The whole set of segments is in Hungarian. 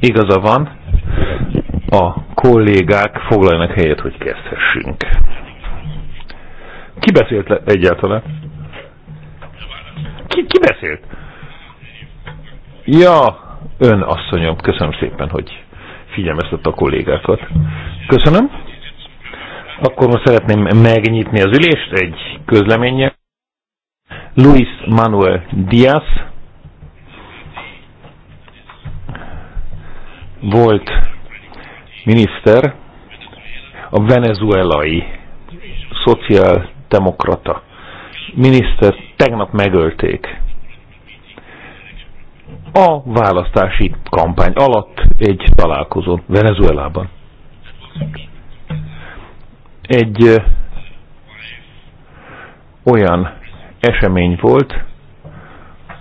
Igaza van, a kollégák foglaljanak helyet, hogy kezdhessünk. Ki beszélt egyáltalán? Ki, ki beszélt? Ja, ön asszonyom, köszönöm szépen, hogy figyelmeztet a kollégákat. Köszönöm. Akkor most szeretném megnyitni az ülést egy közleménnyel. Luis Manuel Díaz volt miniszter, a venezuelai szociáldemokrata miniszter tegnap megölték. A választási kampány alatt egy találkozón Venezuelában. Egy olyan esemény volt,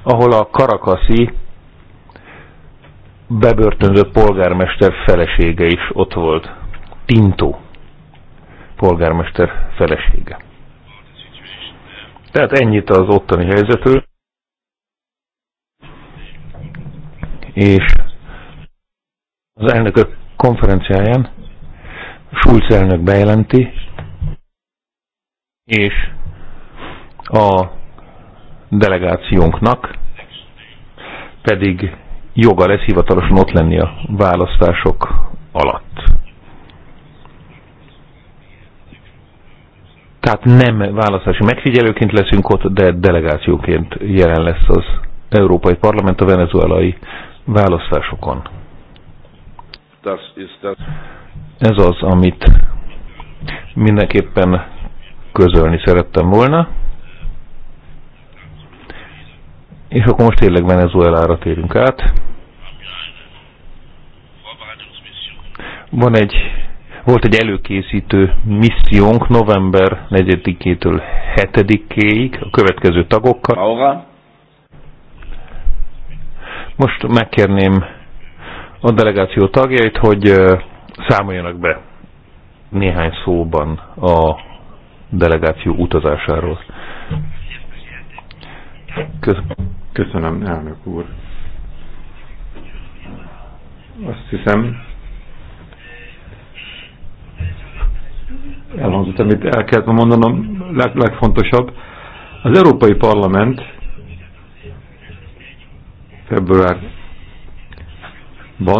ahol a karakaszi bebörtönzött polgármester felesége is ott volt. Tintó polgármester felesége. Tehát ennyit az ottani helyzetről. És az elnökök konferenciáján Schulz elnök bejelenti, és a delegációnknak pedig joga lesz hivatalosan ott lenni a választások alatt. Tehát nem választási megfigyelőként leszünk ott, de delegációként jelen lesz az Európai Parlament a venezuelai választásokon. Ez az, amit mindenképpen közölni szerettem volna. És akkor most tényleg Venezuelára térünk át. Van egy, volt egy előkészítő missziónk november 4-től 7-ig a következő tagokkal. Maura. Most megkérném a delegáció tagjait, hogy számoljanak be néhány szóban a delegáció utazásáról. Köszönöm. Köszönöm, elnök úr. Azt hiszem, elhangzott, amit el kellett mondanom, leg, legfontosabb. Az Európai Parlament februárban,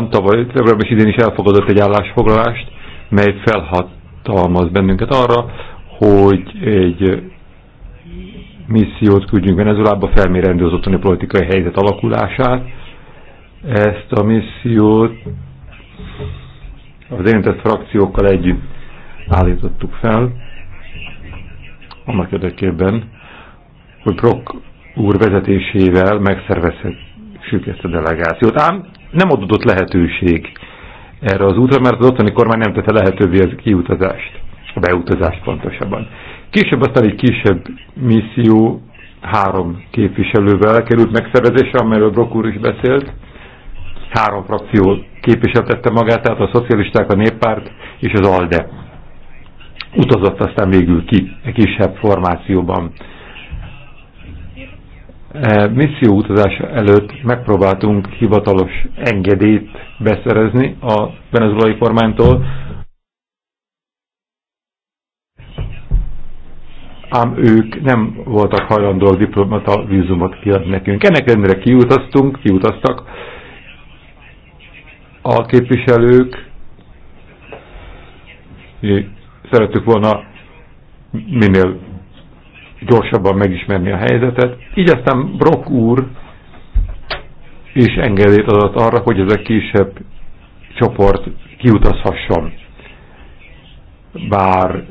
tavaly februárban és idén is elfogadott egy állásfoglalást, mely felhatalmaz bennünket arra, hogy egy missziót küldjünk Venezuelába, felmérendő az ottani politikai helyzet alakulását. Ezt a missziót az érintett frakciókkal együtt állítottuk fel, annak érdekében, hogy Brock úr vezetésével megszervezhessük ezt a delegációt. Ám nem adódott lehetőség erre az útra, mert az ottani kormány nem tette lehetővé az kiutazást, a beutazást pontosabban. Később aztán egy kisebb misszió három képviselővel került megszervezésre, amelyről Brok úr is beszélt. Három frakció képviseltette magát, tehát a szocialisták, a néppárt és az ALDE. Utazott aztán végül ki egy kisebb formációban. E misszió utazása előtt megpróbáltunk hivatalos engedélyt beszerezni a venezuelai kormánytól, ám ők nem voltak hajlandóak diplomata vízumot kiadni nekünk. Ennek ellenére kiutaztunk, kiutaztak a képviselők, szerettük volna minél gyorsabban megismerni a helyzetet. Így aztán Brock úr is engedélyt adott arra, hogy ez a kisebb csoport kiutazhasson. Bár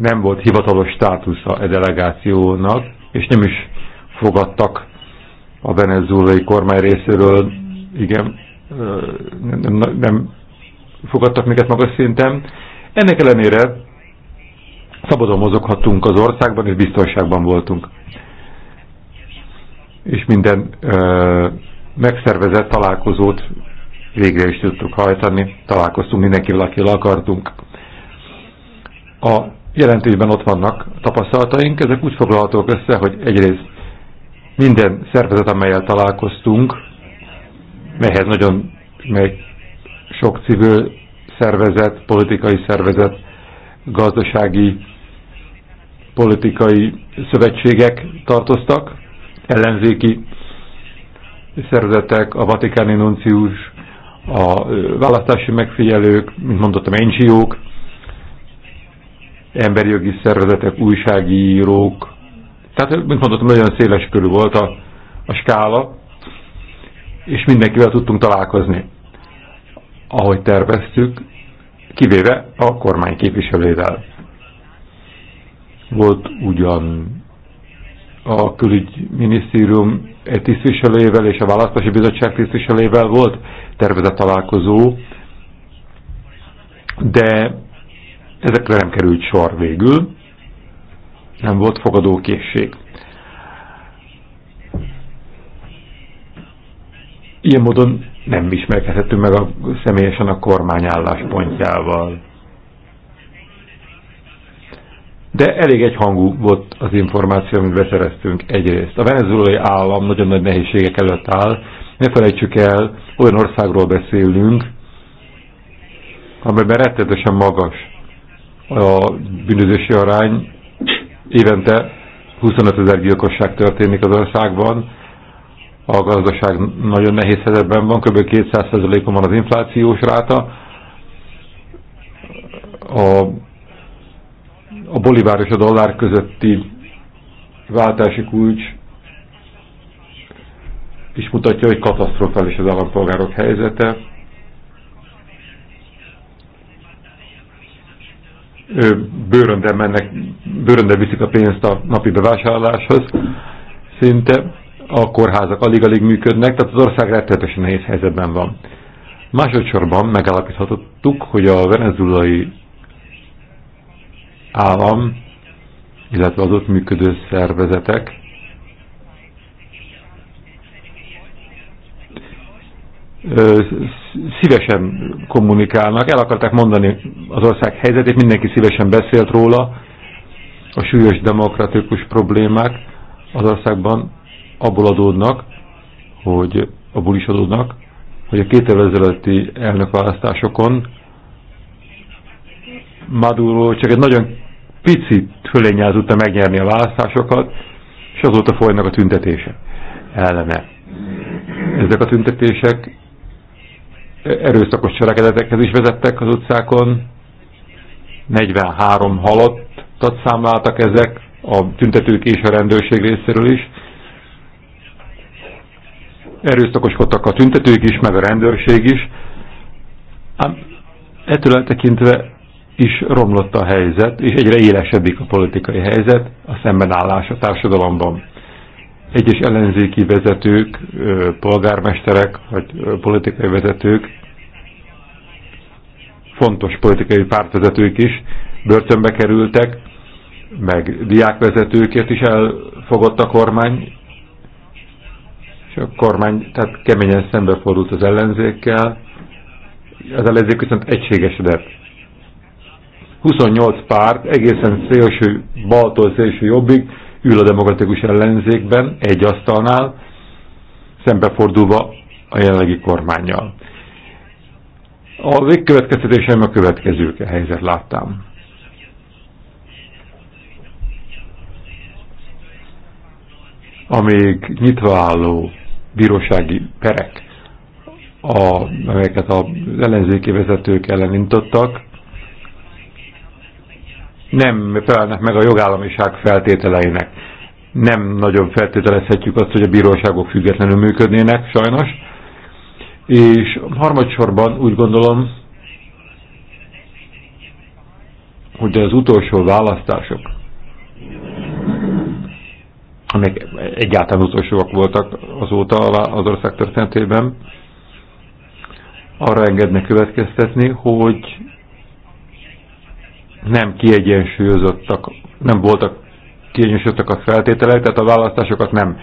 nem volt hivatalos státusza a e delegációnak, és nem is fogadtak a venezuelai kormány részéről, igen, nem, nem, nem fogadtak minket magas szinten. Ennek ellenére szabadon mozoghattunk az országban, és biztonságban voltunk. És minden ö, megszervezett találkozót végre is tudtuk hajtani, találkoztunk mindenkivel, akivel akartunk. A jelentésben ott vannak tapasztalataink, ezek úgy foglalhatók össze, hogy egyrészt minden szervezet, amelyel találkoztunk, melyhez nagyon mely sok civil szervezet, politikai szervezet, gazdasági, politikai szövetségek tartoztak, ellenzéki szervezetek, a vatikáni nuncius, a választási megfigyelők, mint mondottam, NGO-k, emberi jogi szervezetek, újságírók. Tehát, mint mondottam, nagyon széles körül volt a, a skála, és mindenkivel tudtunk találkozni, ahogy terveztük, kivéve a kormány képviselővel. Volt ugyan a külügyminisztérium tisztviselőjével és a választási bizottság tisztviselőjével volt tervezett találkozó, de Ezekre nem került sor végül, nem volt fogadókészség. Ilyen módon nem ismerkedhetünk meg a, személyesen a kormány álláspontjával. De elég egyhangú volt az információ, amit beszereztünk egyrészt. A venezuelai állam nagyon nagy nehézségek előtt áll. Ne felejtsük el, olyan országról beszélünk, amelyben rettetesen magas a bűnözési arány. Évente 25 ezer gyilkosság történik az országban, a gazdaság nagyon nehéz helyzetben van, kb. 200%-on van az inflációs ráta. A, a bolivár és a dollár közötti váltási kulcs is mutatja, hogy katasztrofális az állampolgárok helyzete. bőrönde mennek, bőrönde viszik a pénzt a napi bevásárláshoz szinte, a kórházak alig-alig működnek, tehát az ország rettetesen nehéz helyzetben van. Másodszorban megállapíthatottuk, hogy a venezuelai állam, illetve az ott működő szervezetek szívesen kommunikálnak, el akarták mondani az ország helyzetét, mindenki szívesen beszélt róla, a súlyos demokratikus problémák az országban abból adódnak, hogy abból is adódnak, hogy a két évvel ezelőtti elnökválasztásokon Maduro csak egy nagyon picit fölényel tudta megnyerni a választásokat, és azóta folynak a tüntetések ellene. Ezek a tüntetések erőszakos cselekedetekhez is vezettek az utcákon. 43 halottat számláltak ezek, a tüntetők és a rendőrség részéről is. Erőszakoskodtak a tüntetők is, meg a rendőrség is. Ám ettől eltekintve is romlott a helyzet, és egyre élesebbik a politikai helyzet, a szembenállás a társadalomban egyes ellenzéki vezetők, polgármesterek vagy politikai vezetők, fontos politikai pártvezetők is börtönbe kerültek, meg diákvezetőket is elfogott a kormány, és a kormány tehát keményen szembefordult az ellenzékkel, az ellenzék viszont egységesedett. 28 párt, egészen szélső baltól szélső jobbig, ül a demokratikus ellenzékben egy asztalnál, szembefordulva a jelenlegi kormányjal. A végkövetkeztetésem a következő helyzet láttam. Amíg nyitva álló bírósági perek, a, amelyeket az ellenzéki vezetők ellen intottak, nem felelnek meg a jogállamiság feltételeinek. Nem nagyon feltételezhetjük azt, hogy a bíróságok függetlenül működnének, sajnos. És harmadsorban úgy gondolom, hogy az utolsó választások, amelyek egyáltalán utolsóak voltak azóta az ország történetében, arra engednek következtetni, hogy nem kiegyensúlyozottak, nem voltak kiegyensúlyozottak a feltételek, tehát a választásokat nem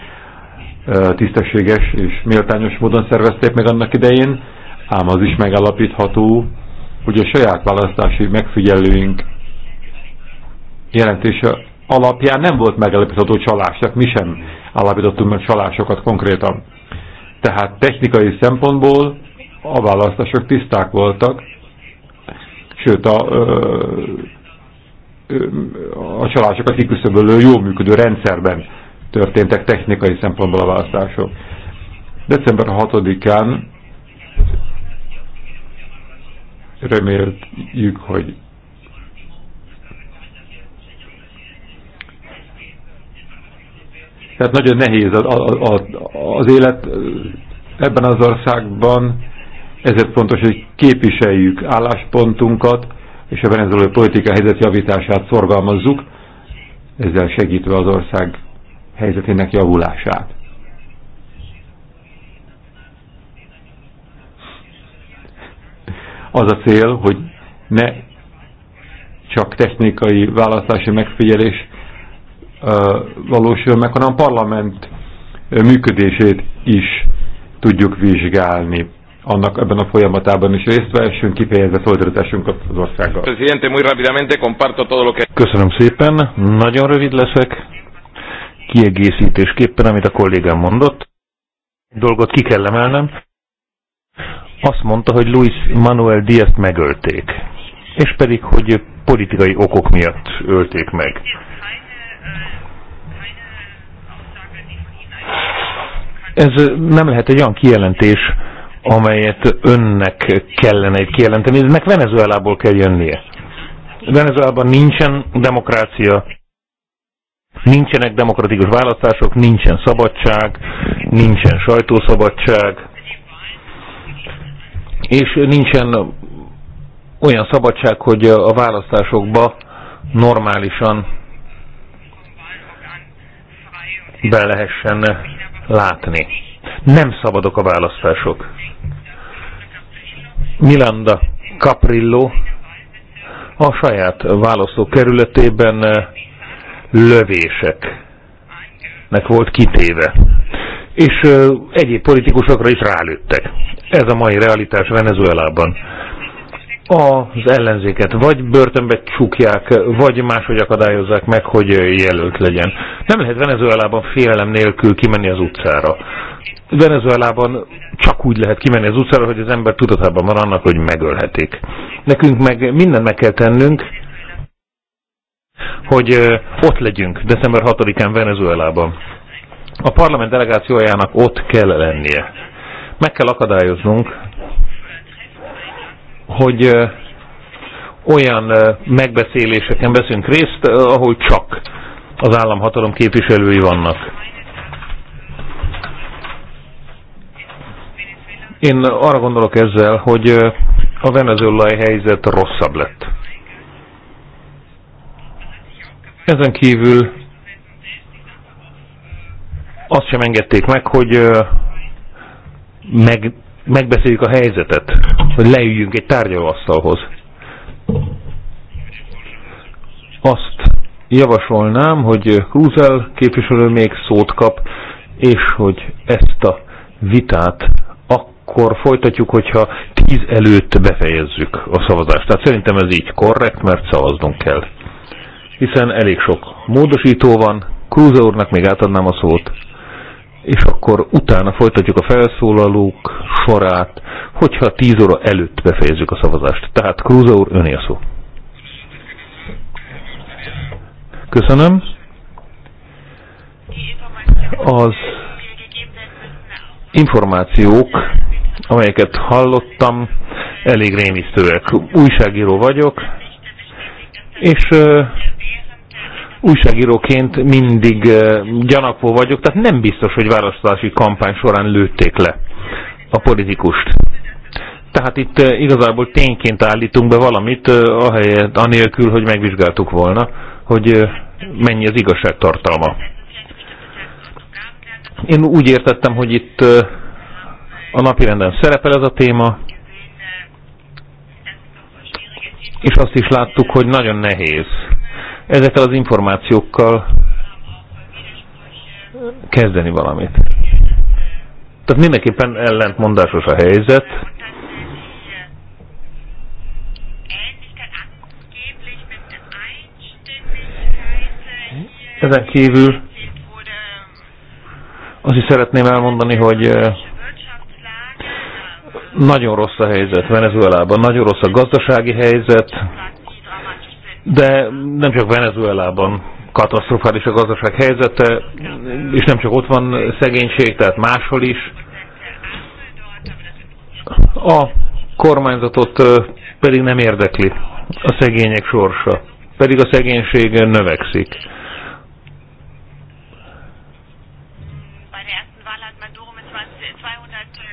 tisztességes és méltányos módon szervezték meg annak idején, ám az is megállapítható, hogy a saját választási megfigyelőink jelentése alapján nem volt megállapítható csalás, tehát mi sem állapítottunk meg csalásokat konkrétan. Tehát technikai szempontból a választások tiszták voltak, sőt a, a a kiküszöbölő jól működő rendszerben történtek technikai szempontból a választások. December 6-án reméljük, hogy Tehát nagyon nehéz az, az, az, az élet ebben az országban, ezért fontos, hogy képviseljük álláspontunkat, és a venezuelai politika helyzet javítását szorgalmazzuk, ezzel segítve az ország helyzetének javulását. Az a cél, hogy ne csak technikai választási megfigyelés valósul meg, hanem a parlament működését is tudjuk vizsgálni annak ebben a folyamatában is részt vehessünk, kifejezve szolidaritásunkat az országgal. Presidente, muy rápidamente comparto todo lo que... Köszönöm szépen, nagyon rövid leszek. Kiegészítésképpen, amit a kollégám mondott, egy dolgot ki kell emelnem. Azt mondta, hogy Luis Manuel díaz megölték, és pedig, hogy politikai okok miatt ölték meg. Ez nem lehet egy olyan kijelentés, amelyet önnek kellene itt kijelenteni. Ennek Venezuelából kell jönnie. Venezuelában nincsen demokrácia, nincsenek demokratikus választások, nincsen szabadság, nincsen sajtószabadság, és nincsen olyan szabadság, hogy a választásokba normálisan be lehessen látni. Nem szabadok a választások. Milanda Caprillo a saját választókerületében eh, lövéseknek volt kitéve. És eh, egyéb politikusokra is rálőttek. Ez a mai realitás Venezuelában az ellenzéket vagy börtönbe csukják, vagy máshogy akadályozzák meg, hogy jelölt legyen. Nem lehet Venezuelában félelem nélkül kimenni az utcára. Venezuelában csak úgy lehet kimenni az utcára, hogy az ember tudatában van annak, hogy megölhetik. Nekünk meg mindent meg kell tennünk, hogy ott legyünk december 6-án Venezuelában. A parlament delegációjának ott kell lennie. Meg kell akadályoznunk, hogy olyan megbeszéléseken veszünk részt, ahol csak az államhatalom képviselői vannak. Én arra gondolok ezzel, hogy a venezuelai helyzet rosszabb lett. Ezen kívül azt sem engedték meg, hogy meg megbeszéljük a helyzetet, hogy leüljünk egy tárgyalóasztalhoz. Azt javasolnám, hogy Krúzel képviselő még szót kap, és hogy ezt a vitát akkor folytatjuk, hogyha tíz előtt befejezzük a szavazást. Tehát szerintem ez így korrekt, mert szavaznunk kell. Hiszen elég sok módosító van. Krúze úrnak még átadnám a szót és akkor utána folytatjuk a felszólalók sorát, hogyha 10 óra előtt befejezzük a szavazást. Tehát Krúza úr, öné a szó. Köszönöm. Az információk, amelyeket hallottam, elég rémisztőek. Újságíró vagyok, és újságíróként mindig eh, gyanakvó vagyok, tehát nem biztos, hogy választási kampány során lőtték le a politikust. Tehát itt eh, igazából tényként állítunk be valamit, eh, ahelyett, anélkül, hogy megvizsgáltuk volna, hogy mennyi az igazság tartalma. Én úgy értettem, hogy itt a renden szerepel ez a téma, és azt is láttuk, hogy nagyon nehéz ezekkel az információkkal kezdeni valamit. Tehát mindenképpen ellentmondásos a helyzet. Ezen kívül azt is szeretném elmondani, hogy eh, nagyon rossz a helyzet Venezuelában, nagyon rossz a gazdasági helyzet, de nem csak Venezuelában katasztrofális a gazdaság helyzete, és nem csak ott van szegénység, tehát máshol is. A kormányzatot pedig nem érdekli a szegények sorsa, pedig a szegénység növekszik.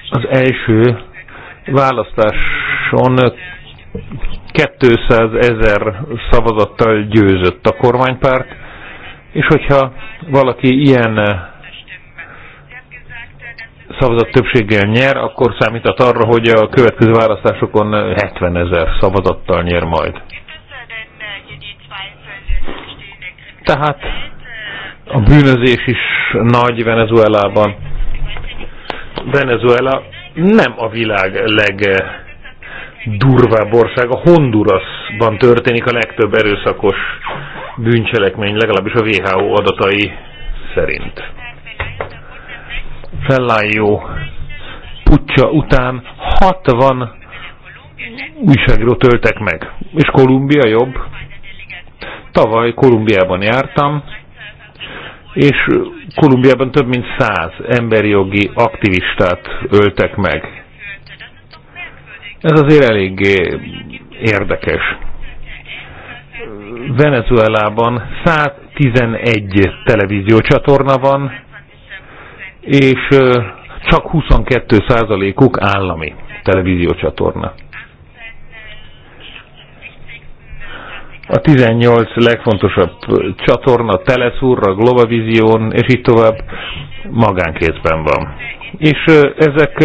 Az első választáson 200 ezer szavazattal győzött a kormánypárt, és hogyha valaki ilyen eh, szavazat többséggel nyer, akkor számíthat arra, hogy a következő választásokon 70 eh, ezer szavazattal nyer majd. Tehát a bűnözés is nagy Venezuelában. Venezuela nem a világ leg eh, legdurvább ország, a Hondurasban történik a legtöbb erőszakos bűncselekmény, legalábbis a WHO adatai szerint. Fellájó pucsa után 60 újságíró töltek meg. És Kolumbia jobb. Tavaly Kolumbiában jártam, és Kolumbiában több mint száz emberjogi aktivistát öltek meg. Ez azért eléggé érdekes. Venezuelában 111 televíziócsatorna van, és csak 22%-uk állami televíziócsatorna. A 18 legfontosabb csatorna Telesurra, Globavision, és így tovább magánkézben van. És ezek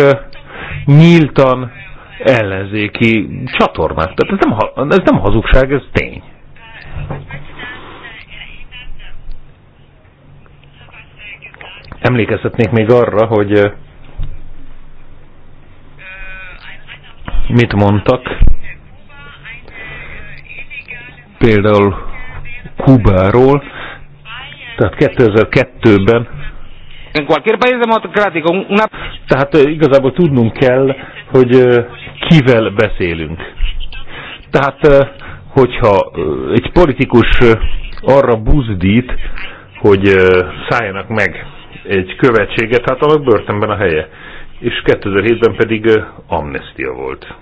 nyíltan ellenzéki csatornák. Tehát ez nem, ez nem hazugság, ez tény. Emlékezhetnék még arra, hogy eh, mit mondtak. Például Kubáról, tehát 2002-ben Tehát eh, igazából tudnunk kell, hogy eh, kivel beszélünk. Tehát, eh, hogyha eh, egy politikus eh, arra buzdít, hogy szálljanak meg egy követséget, hát annak börtönben a helye. És 2007-ben pedig amnestia volt.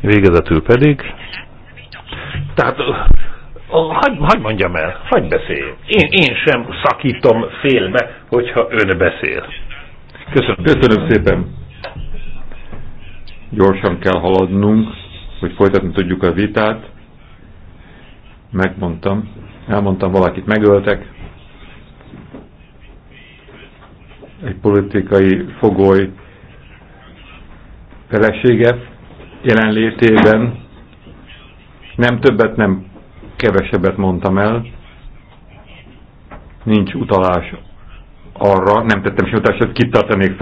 Végezetül pedig... Tehát Hagy, hagy mondjam el, hagyd beszélj. Én, én sem szakítom félbe, hogyha ön beszél. Köszönöm. Köszönöm szépen gyorsan kell haladnunk, hogy folytatni tudjuk a vitát. Megmondtam, elmondtam, valakit megöltek. Egy politikai fogoly felesége jelenlétében nem többet, nem kevesebbet mondtam el. Nincs utalás arra, nem tettem sem utalást, hogy kitartanék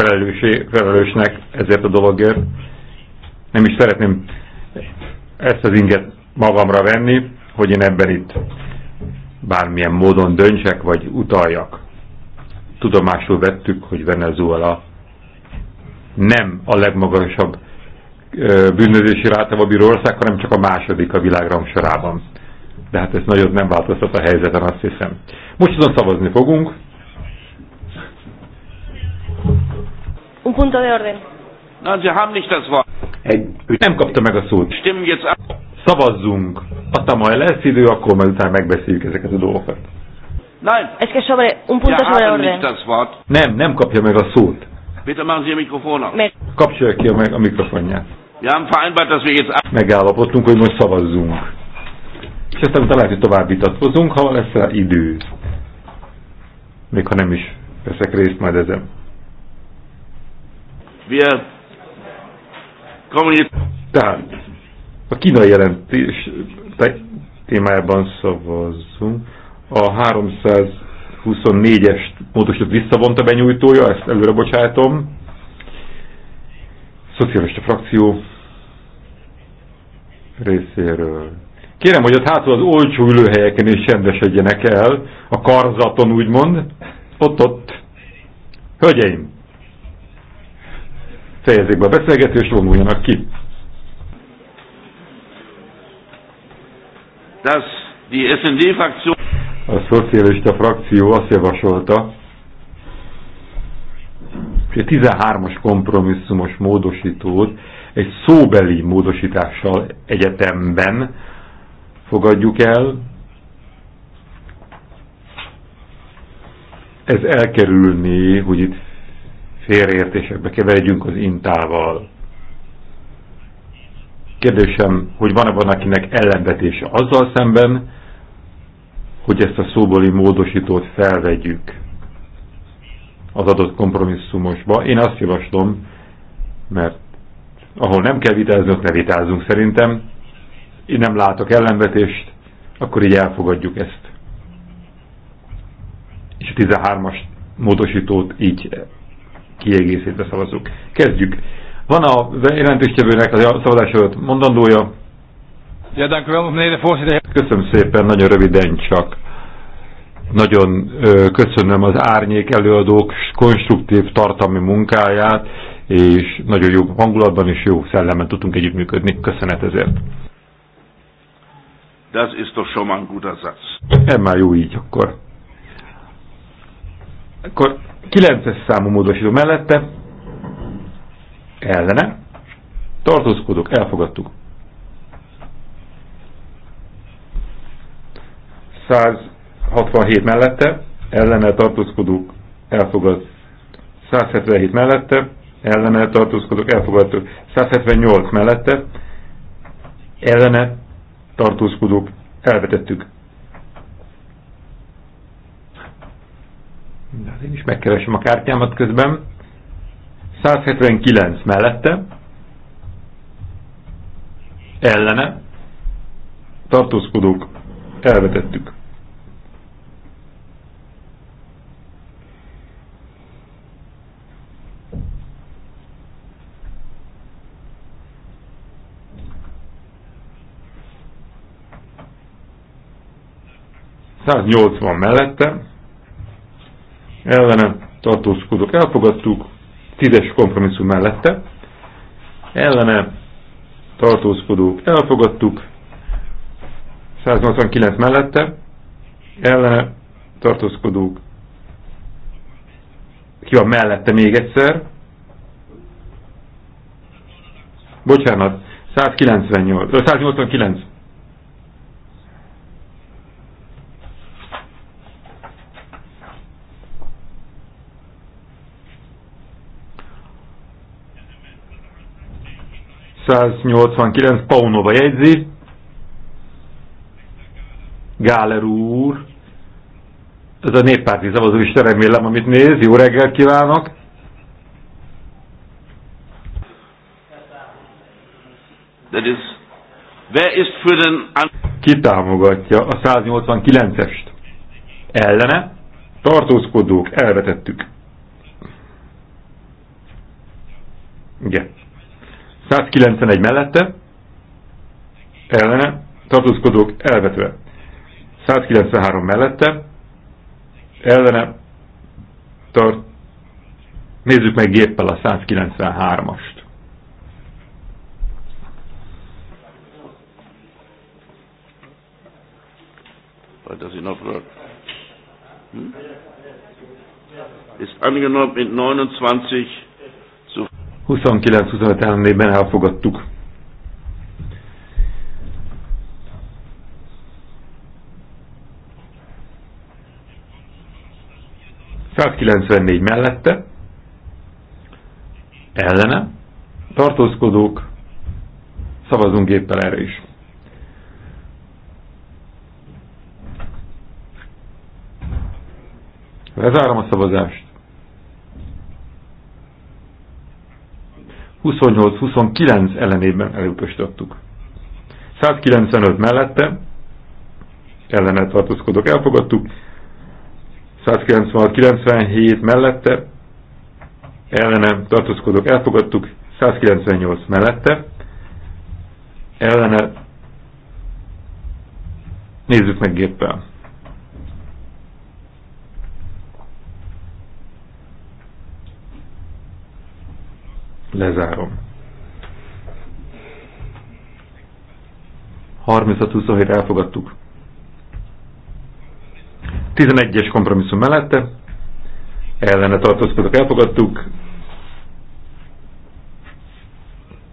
felelősnek ezért a dologért nem is szeretném ezt az inget magamra venni, hogy én ebben itt bármilyen módon döntsek, vagy utaljak. Tudomásul vettük, hogy Venezuela nem a legmagasabb bűnözési rátával bíró ország, hanem csak a második a világrang sorában. De hát ez nagyon nem változtat a helyzeten, azt hiszem. Most azon szavazni fogunk. Un punto de orden. No, Sie haben nicht das Wort. Egy... Nem kapta meg a szót. Szavazzunk. A majd lesz idő, akkor majd utána megbeszéljük ezeket a dolgokat. Um nem, nem kapja meg a szót. Kapcsolja ki a, meg, a mikrofonját. Megállapodtunk, hogy most szavazzunk. És aztán utána lehet, hogy tovább vitatkozunk, ha lesz rá idő. Még ha nem is veszek részt majd ezen. Wir tehát, a kínai jelentés témájában szavazzunk. A 324-es módosított visszavonta benyújtója, ezt előre bocsátom. Szocialista frakció részéről. Kérem, hogy ott hátul az olcsó ülőhelyeken is csendesedjenek el, a karzaton úgymond, ott-ott. Hölgyeim, fejezzék be a beszélgetést, vonuljanak ki. Das, die SND frakció... A szocialista frakció azt javasolta, hogy a 13-as kompromisszumos módosítót egy szóbeli módosítással egyetemben fogadjuk el. Ez elkerülné, hogy itt félreértésekbe keveredjünk az intával. Kérdésem, hogy van-e van, akinek ellenvetése azzal szemben, hogy ezt a szóbeli módosítót felvegyük az adott kompromisszumosba. Én azt javaslom, mert ahol nem kell vitázni, ott ne vitázunk szerintem. Én nem látok ellenvetést, akkor így elfogadjuk ezt. És a 13-as módosítót így kiegészítve szavazzuk. Kezdjük. Van a jelentéstevőnek a szavazás előtt mondandója? Köszönöm szépen, nagyon röviden csak. Nagyon köszönöm az árnyék előadók konstruktív tartalmi munkáját, és nagyon jó hangulatban és jó szellemben tudtunk együttműködni. Köszönet ezért. Das ist doch schon mal ein guter Satz. Ez már jó így akkor. Akkor 9-es számú módosító mellette ellene tartózkodok, elfogadtuk. 167 mellette ellene tartózkodók, elfogad. 177 mellette ellene tartózkodók, elfogadtuk. 178 mellette ellene tartózkodók, elvetettük. Mindjárt én is megkeresem a kártyámat közben. 179 mellette. Ellene. Tartózkodók. Elvetettük. van mellette, ellene tartózkodok, elfogadtuk, tízes kompromisszum mellette, ellene tartózkodók elfogadtuk, 189 mellette, ellene tartózkodók, ki van mellette még egyszer, bocsánat, 198, 189 189 Paunova jegyzi. Gáler úr, ez a néppárti szavazó is remélem, amit néz. Jó reggelt kívánok! That is, wer Ki támogatja a 189-est? Ellene? Tartózkodók, elvetettük. Igen. 191 mellette, ellene, tartózkodók elvetve. 193 mellette, ellene, tart, nézzük meg géppel a 193-ast. Or az it Hm? Ist angenommen mit 29 29-25 ellenében elfogadtuk. 94 mellette, ellene, tartózkodók, szavazunk géppel erre is. Lezárom a szavazást. 28-29 ellenében előpöstöttük. 195 mellette ellene tartózkodók elfogadtuk, 196-97 mellette ellene tartózkodók elfogadtuk, 198 mellette ellene nézzük meg géppel. Lezárom. 36-27 elfogadtuk. 11-es kompromisszum mellette, ellene tartózkodok, elfogadtuk.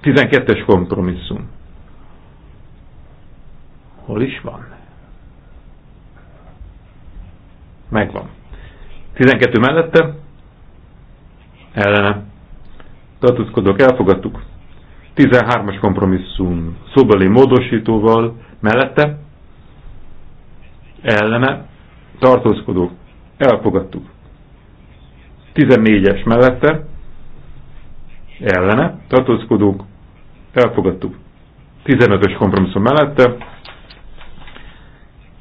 12-es kompromisszum. Hol is van? Megvan. 12 mellette, ellene tartózkodók elfogadtuk. 13-as kompromisszum szóbeli módosítóval mellette ellene tartózkodók elfogadtuk. 14-es mellette ellene tartózkodók elfogadtuk. 15-ös kompromisszum mellette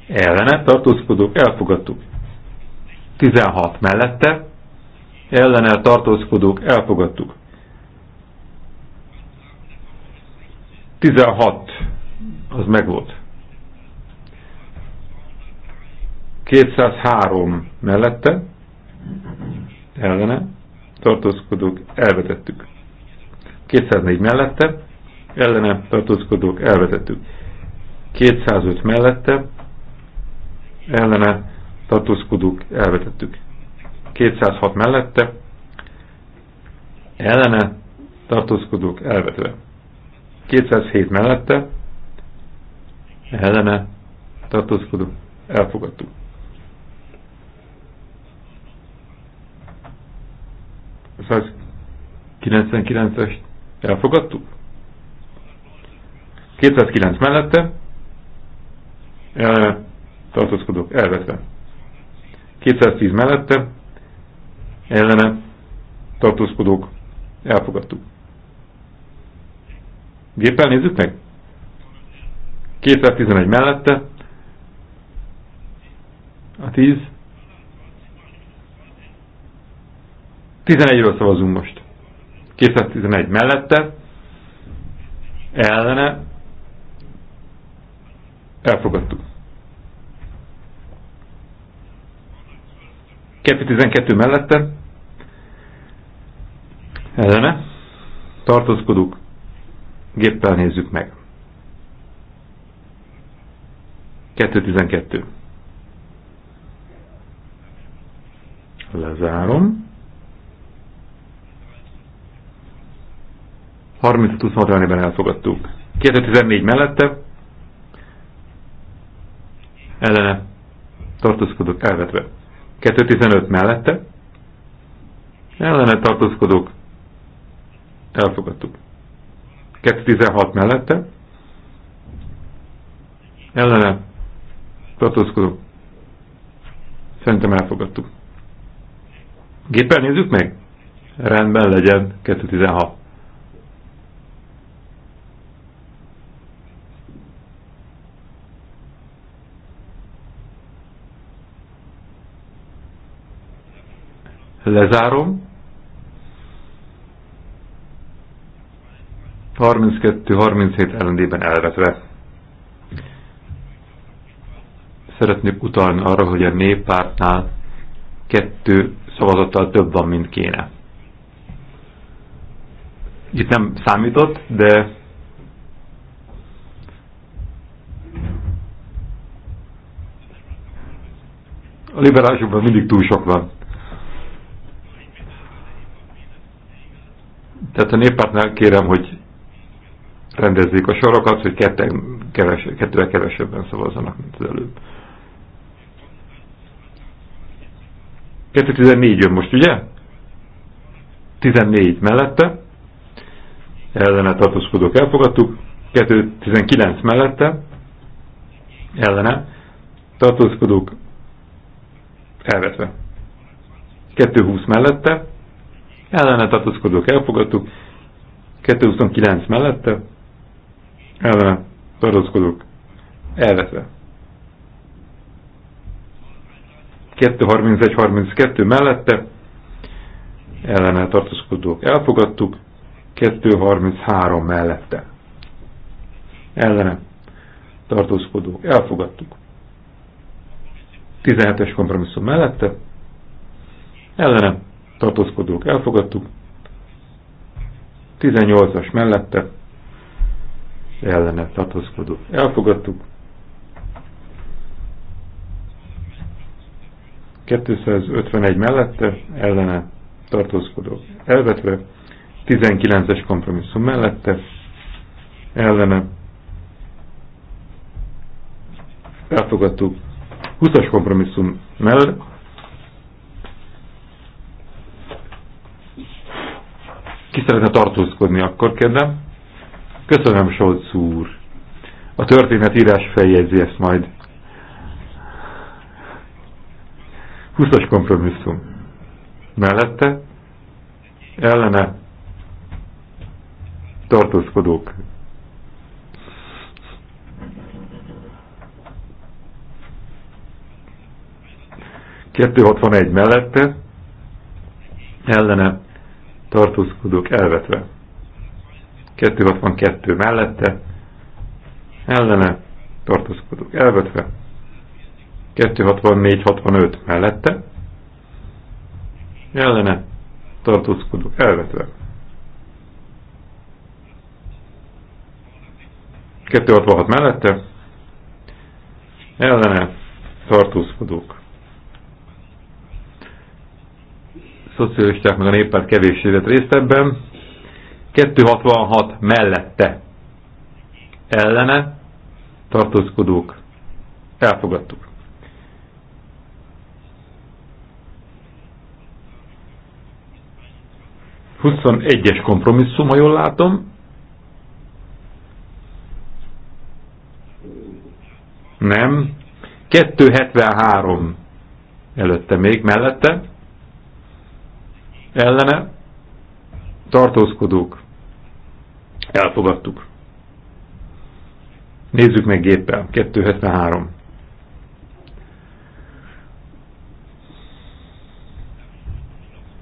ellene tartózkodók elfogadtuk. 16 mellette ellene tartózkodók elfogadtuk. 16, az megvolt. 203 mellette, ellene, tartózkodók, elvetettük. 204 mellette, ellene, tartózkodók, elvetettük. 205 mellette, ellene, tartózkodók, elvetettük. 206 mellette, ellene, tartózkodók, elvetve. 207 mellette eleme tartózkodó elfogadtuk. A 199-est elfogadtuk? 209 mellette eleme tartózkodók elvetve. 210 mellette eleme tartózkodók elfogadtuk. Géppel nézzük meg? 211 mellette. A 10. 11-ről szavazunk most. 211 mellette. Ellene. Elfogadtuk. 212 mellette. Ellene. Tartózkodunk Géppel nézzük meg. 2.12. Lezárom. 30-26 ben elfogadtuk. 2014 mellette ellene tartózkodok elvetve. 215 mellette ellene tartózkodok elfogadtuk. 216 mellette, ellene tartózkodó. Szerintem elfogadtuk. Géppel nézzük meg? Rendben legyen 216. Lezárom. 32-37 ellenében elvetve. Szeretnék utalni arra, hogy a néppártnál kettő szavazattal több van, mint kéne. Itt nem számított, de a liberálisokban mindig túl sok van. Tehát a néppártnál kérem, hogy rendezzék a sorokat, hogy ketten keves, kettővel kevesebben szavazzanak, mint az előbb. 2014 jön most, ugye? 14 mellette. Ellene tartózkodók elfogadtuk. 2019 mellette. Ellene tartózkodók elvetve. 220 mellette. Ellene tartózkodók elfogadtuk. 229 mellette ellen tartózkodók elvetve. 2.31.32 mellette ellene tartózkodók elfogadtuk, 2.33 mellette ellene tartózkodók elfogadtuk. 17-es kompromisszum mellette ellene tartózkodók elfogadtuk, 18-as mellette ellene tartozkodó. elfogadtuk. 251 mellette ellene tartózkodó elvetve, 19-es kompromisszum mellette ellene elfogadtuk 20-as kompromisszum mellett, ki szeretne tartózkodni, akkor kérdem. Köszönöm, Solc úr. A történetírás feljegyzi ezt majd. 20 kompromisszum. Mellette ellene tartózkodók. egy mellette ellene tartózkodók elvetve. 262 mellette, ellene tartózkodók elvetve, 264-65 mellette, ellene tartózkodók elvetve. 266 mellette, ellene tartózkodók. Szocialisták meg a néppárt kevés évet részt ebben, 266 mellette ellene tartózkodók elfogadtuk. Huszonegyes kompromisszum, ha jól látom. Nem. 273 előtte még, mellette. Ellene tartózkodók Elfogadtuk. Nézzük meg géppel. 273.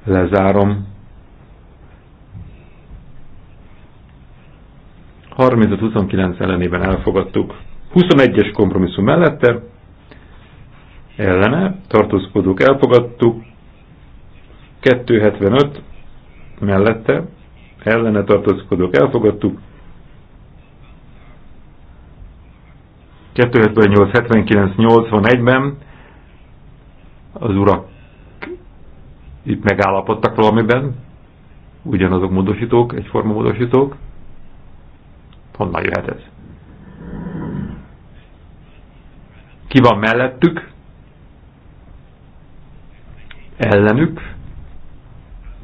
Lezárom. 35-29 ellenében elfogadtuk. 21-es kompromisszum mellette ellene tartózkodók elfogadtuk. 275 mellette ellene tartózkodók elfogadtuk. 278 79 81-ben az urak itt megállapodtak valamiben, ugyanazok módosítók, egyforma módosítók. Honnan jöhet ez? Ki van mellettük? Ellenük?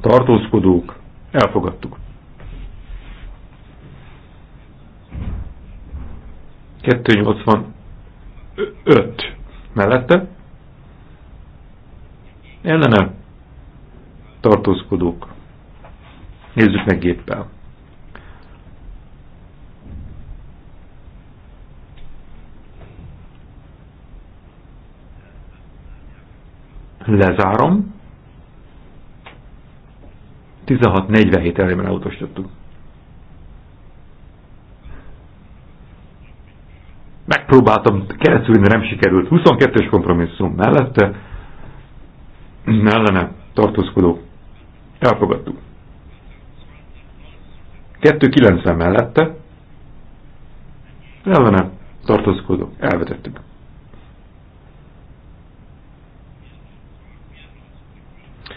Tartózkodók? Elfogadtuk. 285 mellette, ellene tartózkodók. Nézzük meg géppel. Lezárom. 16.47 elében elutasítottuk. megpróbáltam keresztülni, nem sikerült. 22-es kompromisszum mellette, ellene tartózkodó. Elfogadtuk. 290 mellette, ellene tartózkodó. Elvetettük.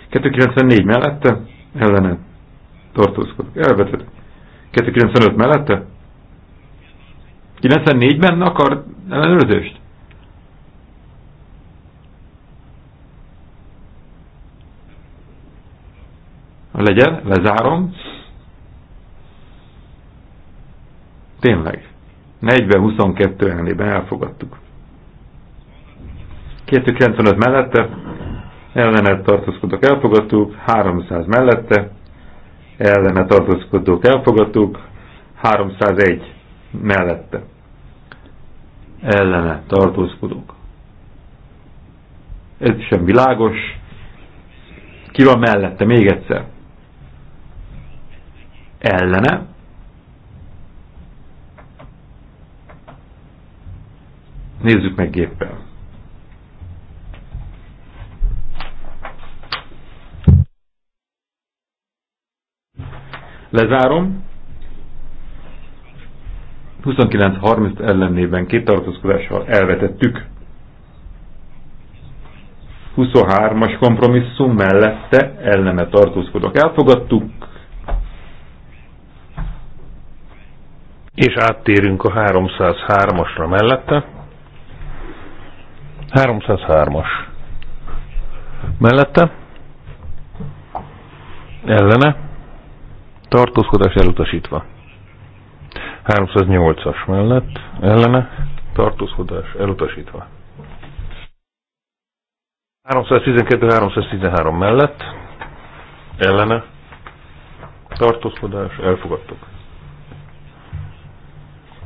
Kettő mellette, ellene tartózkodok. Elvetettük. 295 mellette, 94-ben akar ellenőrzést? Legyen, lezárom. Tényleg. 42 ellenében elfogadtuk. 295 mellette, ellenet tartózkodók elfogadtuk, 300 mellette, ellenet tartózkodók elfogadtuk, 301 mellette ellene tartózkodunk. Ez sem világos. Ki van mellette? Még egyszer. Ellene. Nézzük meg géppel. Lezárom. 29.30 ellenében két tartózkodással elvetettük. 23-as kompromisszum mellette elleme tartózkodok. Elfogadtuk. És áttérünk a 303-asra mellette. 303-as. Mellette. Ellene. Tartózkodás elutasítva. 308-as mellett ellene tartózkodás elutasítva. 312-313 mellett ellene tartózkodás elfogadtuk.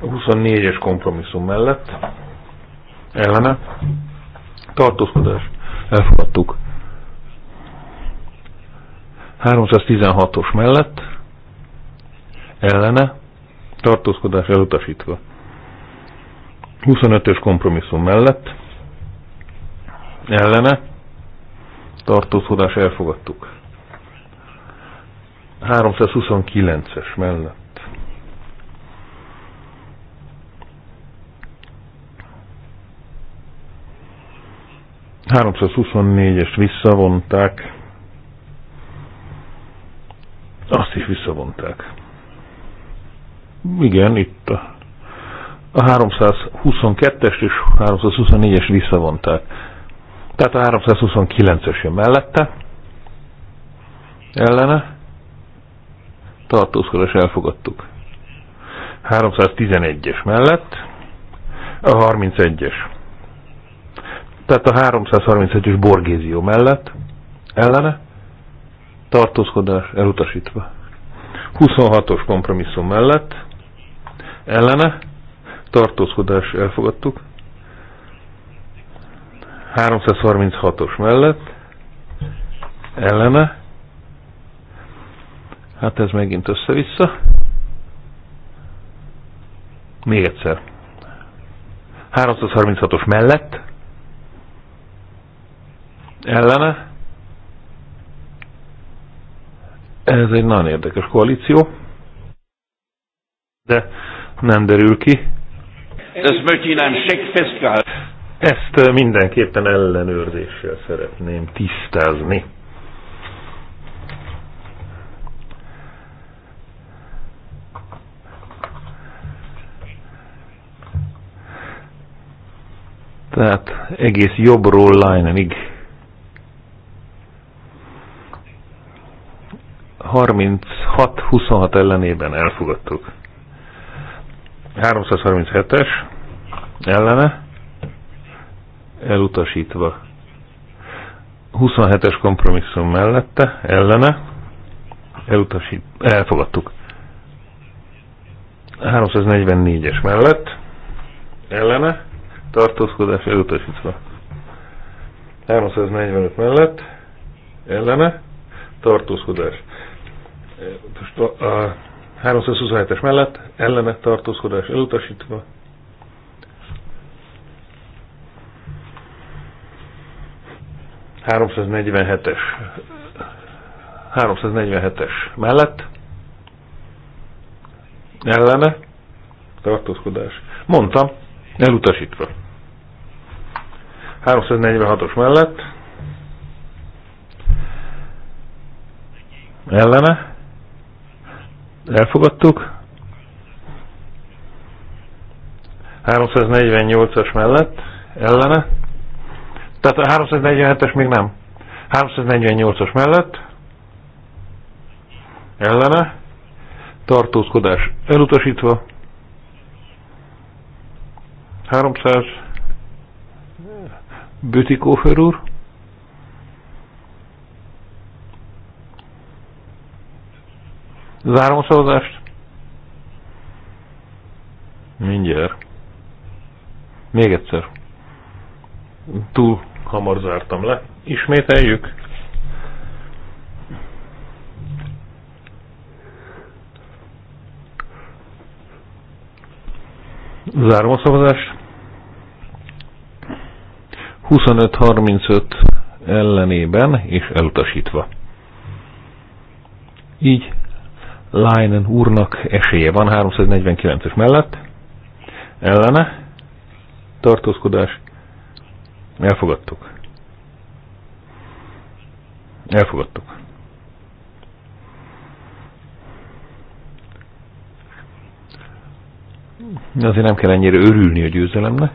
24-es kompromisszum mellett ellene tartózkodás elfogadtuk. 316-os mellett ellene tartózkodás elutasítva. 25-ös kompromisszum mellett ellene tartózkodás elfogadtuk. 329-es mellett. ...324-est visszavonták, azt is visszavonták igen, itt a, a 322-es és 324-es visszavonták. Tehát a 329-es jön mellette, ellene, tartózkodás elfogadtuk. 311-es mellett, a 31-es. Tehát a 331-es Borgézió mellett, ellene, tartózkodás elutasítva. 26-os kompromisszum mellett, ellene, tartózkodás elfogadtuk, 336-os mellett, ellene, hát ez megint össze-vissza, még egyszer, 336-os mellett, ellene, ez egy nagyon érdekes koalíció, de nem derül ki. Ezt mindenképpen ellenőrzéssel szeretném tisztázni. Tehát egész jobbról Leinenig. 36-26 ellenében elfogadtuk. 337-es ellene elutasítva. 27-es kompromisszum mellette ellene elutasít, elfogadtuk. 344-es mellett ellene tartózkodás elutasítva. 345 mellett ellene tartózkodás. Most a 327-es mellett ellene tartózkodás elutasítva. es 347-es mellett ellene tartózkodás. Mondtam, elutasítva. 346-os mellett ellene elfogadtuk. 348-as mellett ellene. Tehát a 347-es még nem. 348-as mellett ellene tartózkodás elutasítva 300 bütikófőr úr Zárom a szavazást. Mindjárt. Még egyszer. Túl hamar zártam le. Ismételjük. Zárom a szavazást. 25-35 ellenében és elutasítva. Így Leinen úrnak esélye van 349-es mellett. Ellene. Tartózkodás. Elfogadtuk. Elfogadtuk. Azért nem kell ennyire örülni a győzelemnek.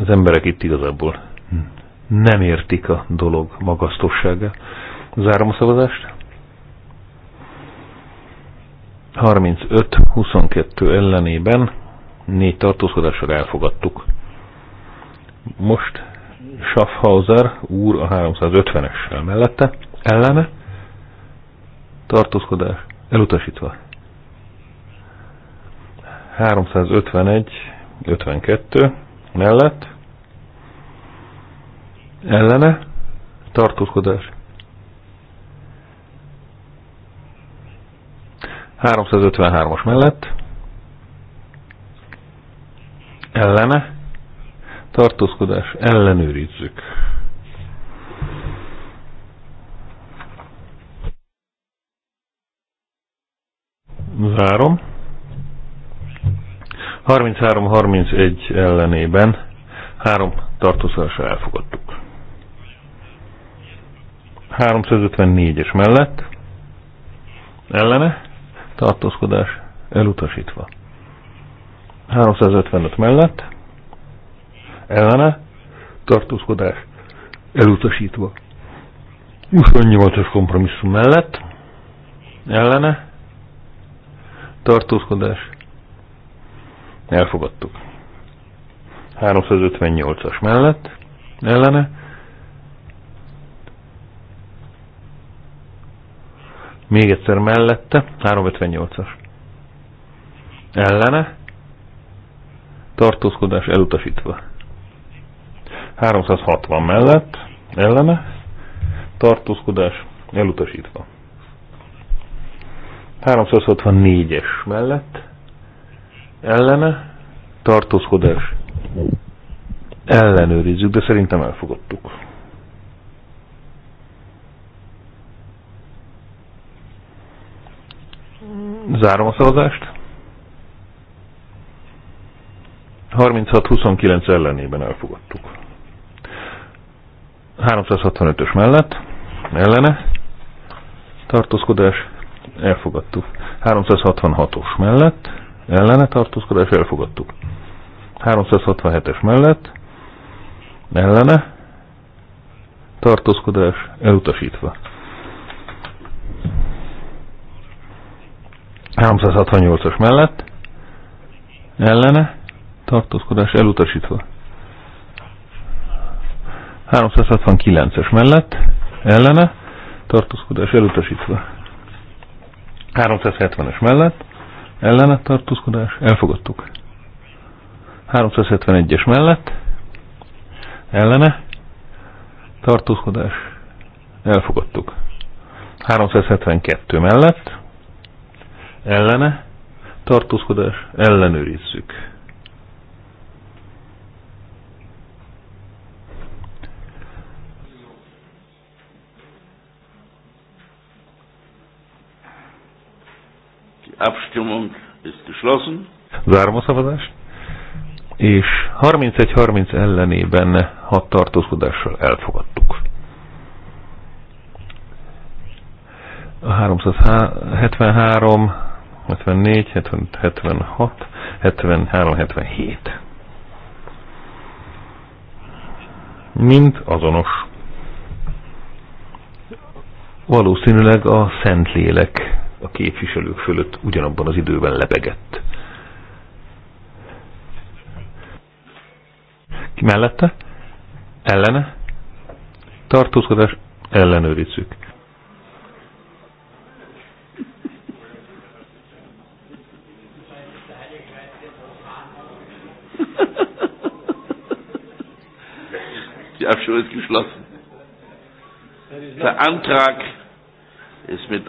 Az emberek itt igazából nem értik a dolog magasztossága. Zárom a szavazást. 35-22 ellenében négy tartózkodással elfogadtuk. Most Schaffhauser úr a 350-essel mellette, ellene, tartózkodás elutasítva. 351, 52 mellett, ellene tartózkodás. 353-as mellett ellene tartózkodás ellenőrizzük. Zárom. 33-31 ellenében három tartózkodásra elfogadtuk. 354-es mellett ellene tartózkodás elutasítva. 355 mellett ellene tartózkodás elutasítva. 28-as kompromisszum mellett ellene tartózkodás elfogadtuk. 358-as mellett ellene Még egyszer mellette, 358-as. Ellene, tartózkodás elutasítva. 360 mellett, ellene, tartózkodás elutasítva. 364-es mellett, ellene, tartózkodás ellenőrizzük, de szerintem elfogadtuk. Zárom a szavazást. 36-29 ellenében elfogadtuk. 365-ös mellett, ellene, tartózkodás, elfogadtuk. 366-os mellett, ellene tartózkodás, elfogadtuk. 367-es mellett, ellene, tartózkodás, elutasítva. 368-as mellett ellene tartózkodás elutasítva. 369-es mellett ellene tartózkodás elutasítva. 370-es mellett ellene tartózkodás elfogadtuk. 371-es mellett ellene tartózkodás elfogadtuk. 372 mellett ellene, tartózkodás, ellenőrizzük. Abstimmung ist geschlossen. Zárom a szavazást. És 31-30 ellenében hat tartózkodással elfogadtuk. A 373 74, 76, 73, 77. Mind azonos. Valószínűleg a Szentlélek a képviselők fölött ugyanabban az időben lebegett. Ki mellette? Ellene? Tartózkodás ellenőrizzük. Die Abstimmung ist geschlossen. Der Antrag ist mit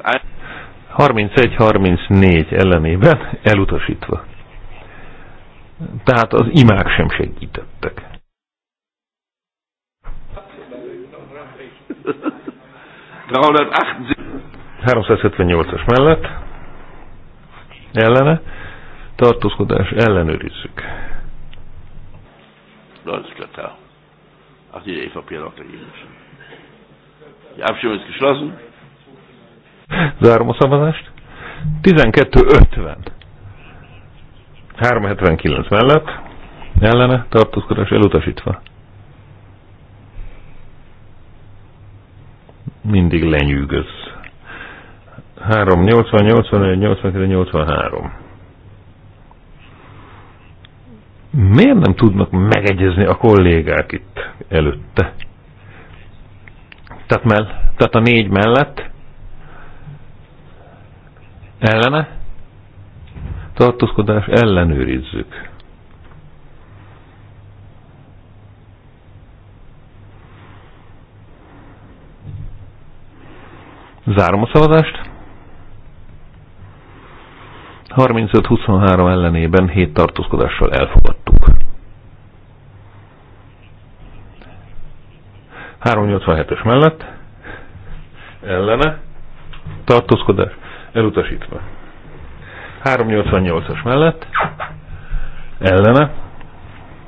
31-34 ellenében elutasítva. Tehát az imák sem segítettek. as mellett ellene tartózkodás ellenőrizzük. Rajzgatál. Ach, die EVP hat auch dagegen gestimmt. Die Abstimmung ist geschlossen. Zárom a szavazást. 12.50. 379 mellett. Ellene tartózkodás elutasítva. Mindig lenyűgöz. 3, 80, 81, 82, 83. Miért nem tudnak megegyezni a kollégák itt előtte? Tehát, mell, tehát a négy mellett ellene tartózkodás ellenőrizzük. Zárom a szavazást. 35-23 ellenében 7 tartózkodással elfogadtuk. 387-es mellett ellene tartózkodás elutasítva. 388-as mellett ellene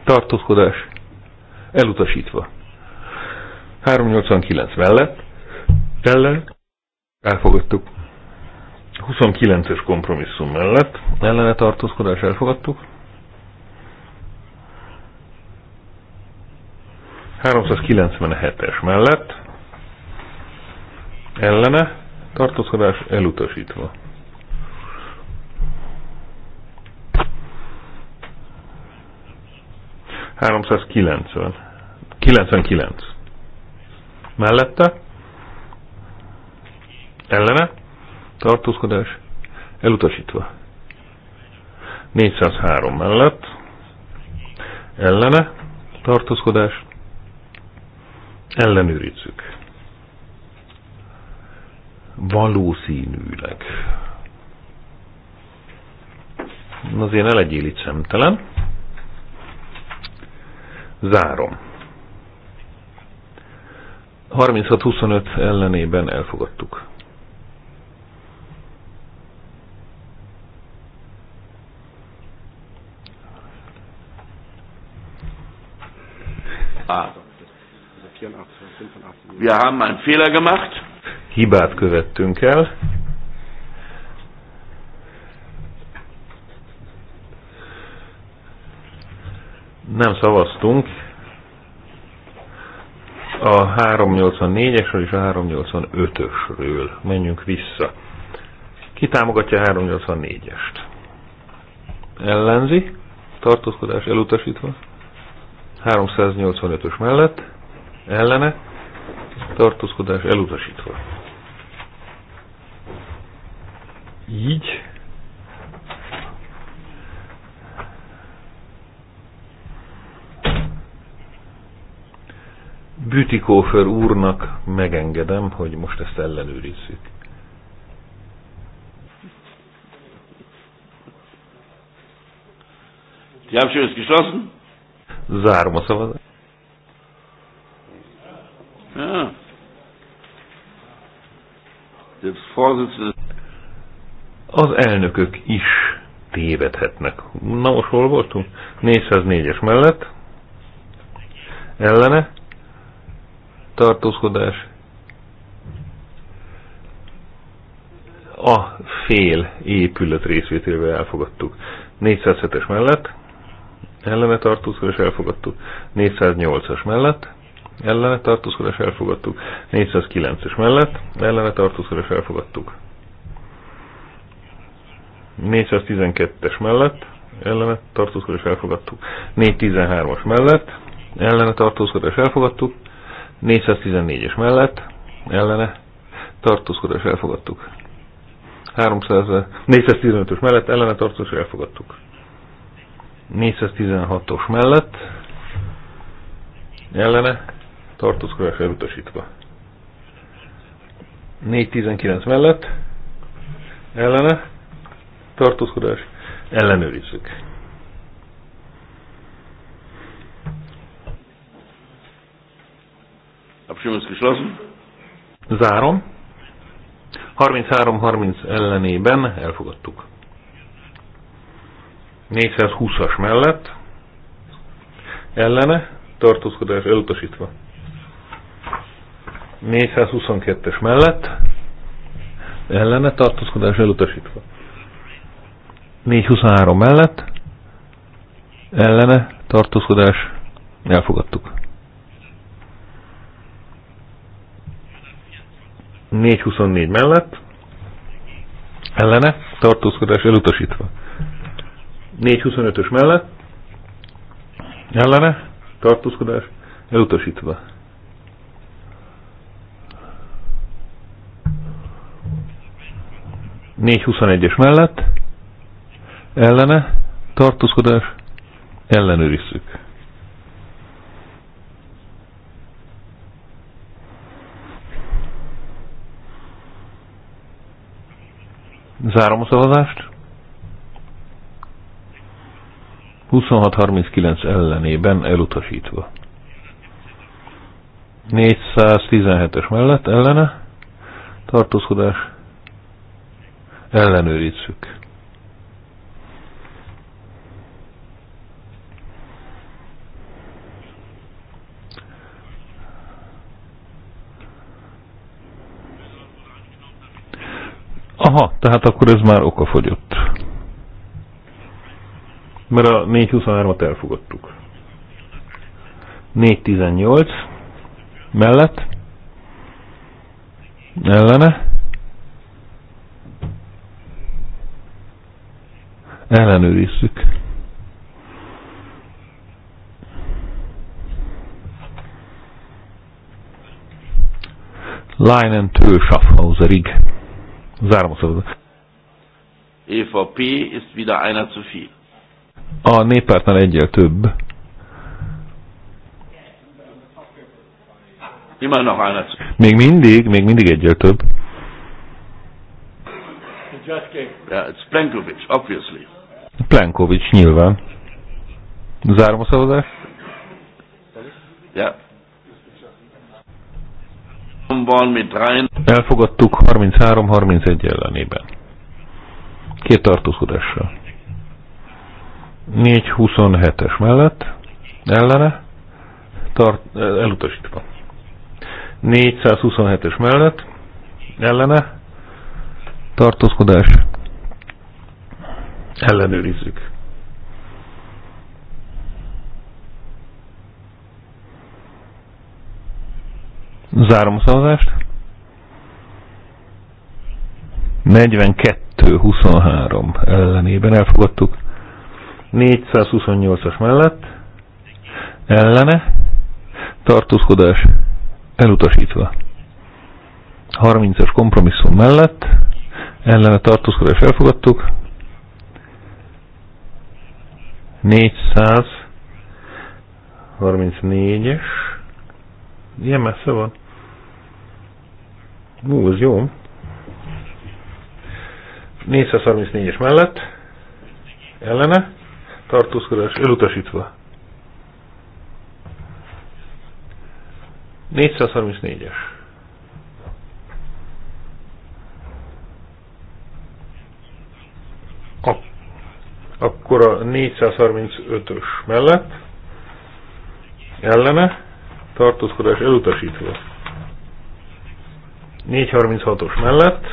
tartózkodás elutasítva. 389 mellett ellen elfogadtuk. 29-es kompromisszum mellett ellene tartózkodás elfogadtuk. 397-es mellett ellene tartózkodás elutasítva. ...390. 99. Mellette? Ellene? tartózkodás elutasítva. 403 mellett ellene tartózkodás ellenőrizzük. Valószínűleg. Azért ne legyél itt szemtelen. Zárom. 36-25 ellenében elfogadtuk. wir haben einen Fehler gemacht. Hibát követtünk el. Nem szavaztunk a 384-esről és a 385-ösről. Menjünk vissza. Ki támogatja a 384-est? Ellenzi? Tartózkodás elutasítva? 385-ös mellett? Ellene? tartózkodás elutasítva. Így. Bütikófer úrnak megengedem, hogy most ezt ellenőrizzük. Die Abstimmung Zárom a szavazást. Ja. Az elnökök is tévedhetnek. Na most hol voltunk? 404-es mellett. Ellene. Tartózkodás. A fél épület részvételével elfogadtuk. 407-es mellett. Ellene tartózkodás elfogadtuk. 408-as mellett ellene tartózkodás elfogadtuk. 409-es mellett ellene tartózkodás elfogadtuk. 412-es mellett ellene tartózkodás elfogadtuk. 413-as mellett ellene tartózkodás elfogadtuk. 414-es mellett ellene tartózkodás elfogadtuk. 415-ös mellett ellene tartózkodás elfogadtuk. 416-os mellett ellene tartózkodásra elutasítva. 419 mellett ellene tartózkodás ellenőrizzük. Zárom. 33-30 ellenében elfogadtuk. 420-as mellett ellene tartózkodás elutasítva. 422-es mellett ellene tartózkodás elutasítva. 423 mellett ellene tartózkodás elfogadtuk. 424 mellett ellene tartózkodás elutasítva. 425-ös mellett ellene tartózkodás elutasítva. 421-es mellett ellene tartózkodás ellenőrizzük. Zárom a szavazást. 2639 ellenében elutasítva. 417-es mellett ellene tartózkodás ellenőrizzük. Aha, tehát akkor ez már okafogyott. Mert a 423-at elfogadtuk. 418 mellett ellene ellenőrizzük. Leinen től Schaffhauserig. EVP ist wieder einer zu viel. A néppártnál egyel több. Immer noch einer zu viel. Még mindig, még mindig egyel több. Yeah, it's Plenkovic, obviously. Plenkovics nyilván. Zárom a szavazást. Ja. Elfogadtuk 33-31 ellenében. Két tartózkodással. 4-27-es mellett ellene tart, elutasítva. 427-es mellett ellene tartózkodás ellenőrizzük. Zárom a szavazást. 42-23 ellenében elfogadtuk. 428-as mellett ellene tartózkodás elutasítva. 30-as kompromisszum mellett ellene tartózkodás elfogadtuk. 434-es. Ilyen messze van? Ú, ez jó. 434-es mellett. Ellene. Tartózkodás elutasítva. 434-es. akkor a 435-ös mellett ellene tartózkodás elutasítva. 436-os mellett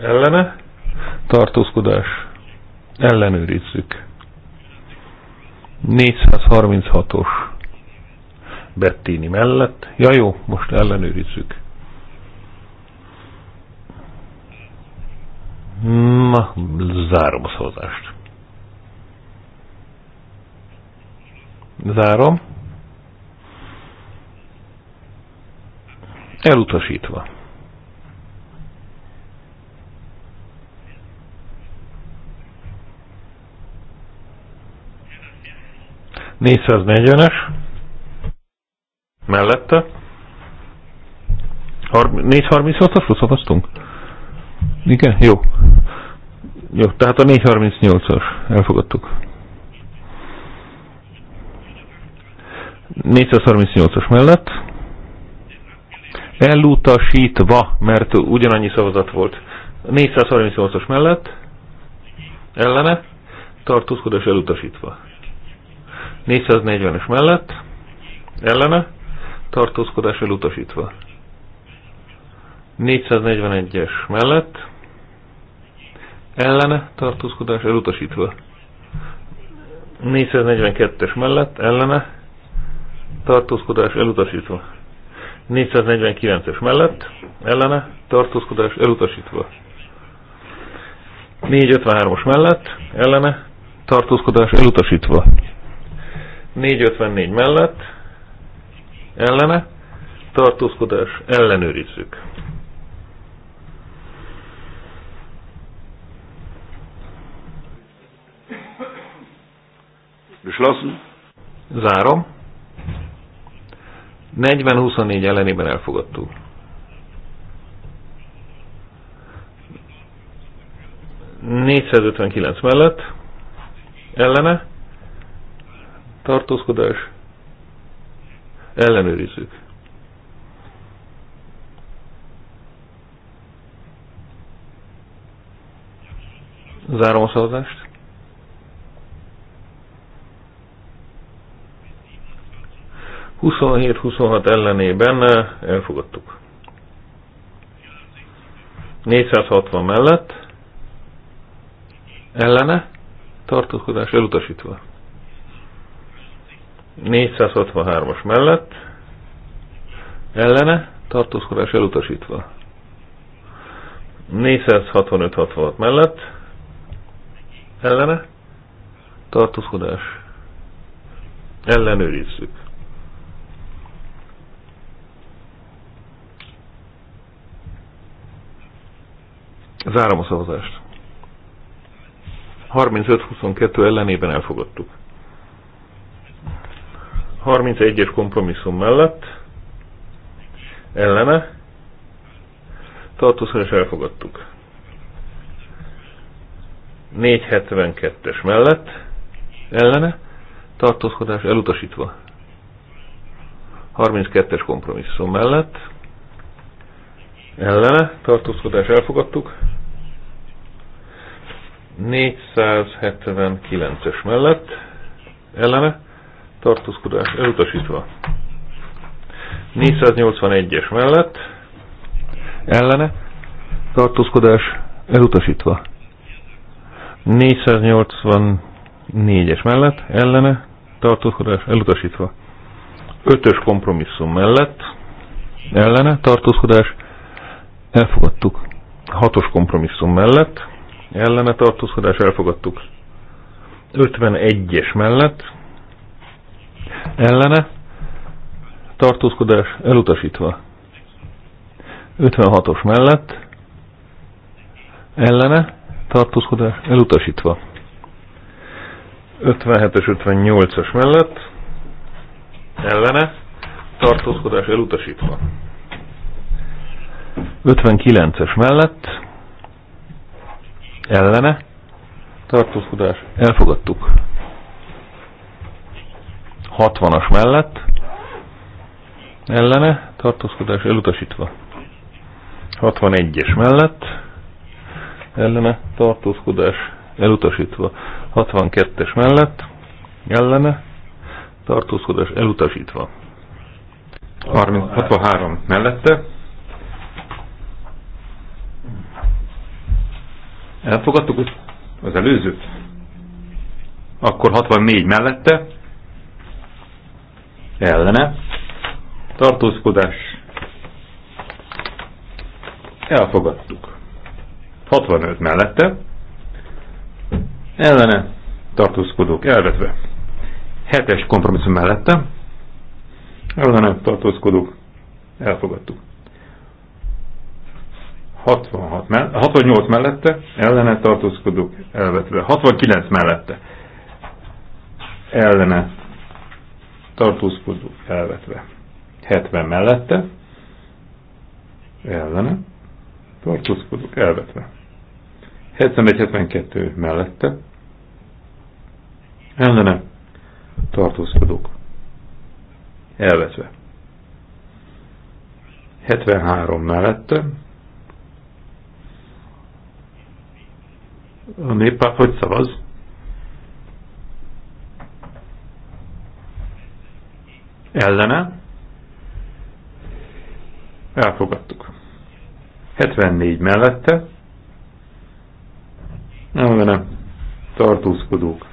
ellene tartózkodás ellenőrizzük. 436-os Bettini mellett. Ja jó, most ellenőrizzük. Ma, zárom a szavazást. Zárom. Elutasítva. Négyszáznegyvenes. Mellette. 430 azt szavaztunk? Igen, jó. Jó, tehát a 438-as. Elfogadtuk. 438-as mellett. Elutasítva, mert ugyanannyi szavazat volt. 438-as mellett. Ellene. Tartózkodás elutasítva. 440-es mellett. Ellene. Tartózkodás elutasítva. 441-es mellett ellene tartózkodás elutasítva. 442-es mellett ellene tartózkodás elutasítva. 449-es mellett ellene tartózkodás elutasítva. 453-os mellett ellene tartózkodás elutasítva. 454 mellett ellene tartózkodás ellenőrizzük. Beschlossen. Zárom. 40-24 ellenében elfogadtuk. ...459 mellett ellene tartózkodás ellenőrizzük. Zárom a szavazást. 27-26 ellenében eh, elfogadtuk. 460 mellett ellene tartózkodás elutasítva. 463-as mellett ellene tartózkodás elutasítva. 465-66 mellett ellene tartózkodás ellenőrizzük. Zárom a szavazást. 35-22 ellenében elfogadtuk. 31-es kompromisszum mellett ellene tartózkodás elfogadtuk. 472-es mellett ellene tartózkodás elutasítva. 32-es kompromisszum mellett ellene tartózkodás elfogadtuk. 479-es mellett ellene tartózkodás elutasítva. 481-es mellett ellene tartózkodás elutasítva. 484-es mellett ellene tartózkodás elutasítva. 5-ös kompromisszum mellett ellene tartózkodás Elfogadtuk. a Hatos kompromisszum mellett. Ellene tartózkodás elfogadtuk. 51-es mellett. Ellene tartózkodás elutasítva. 56-os mellett. Ellene tartózkodás elutasítva. 57-es, 58-as mellett ellene tartózkodás elutasítva. 59-es mellett ellene tartózkodás elfogadtuk. 60-as mellett ellene tartózkodás elutasítva. 61-es mellett ellene tartózkodás elutasítva. 62-es mellett ellene tartózkodás elutasítva. 30, 63 mellette Elfogadtuk az előzőt? Akkor 64 mellette. Ellene. Tartózkodás. Elfogadtuk. 65 mellette. Ellene. Tartózkodók elvetve. 7-es kompromisszum mellette. Ellene tartózkodók elfogadtuk. 66 mell 68 mellette, ellene tartózkodók elvetve. 69 mellette, ellene tartózkodók elvetve. 70 mellette, ellene tartózkodók elvetve. 71-72 mellette, ellene tartózkodók elvetve. 73 mellette, A néppárt hogy szavaz? Ellene? Elfogadtuk. 74 mellette? Ellene? Tartózkodók.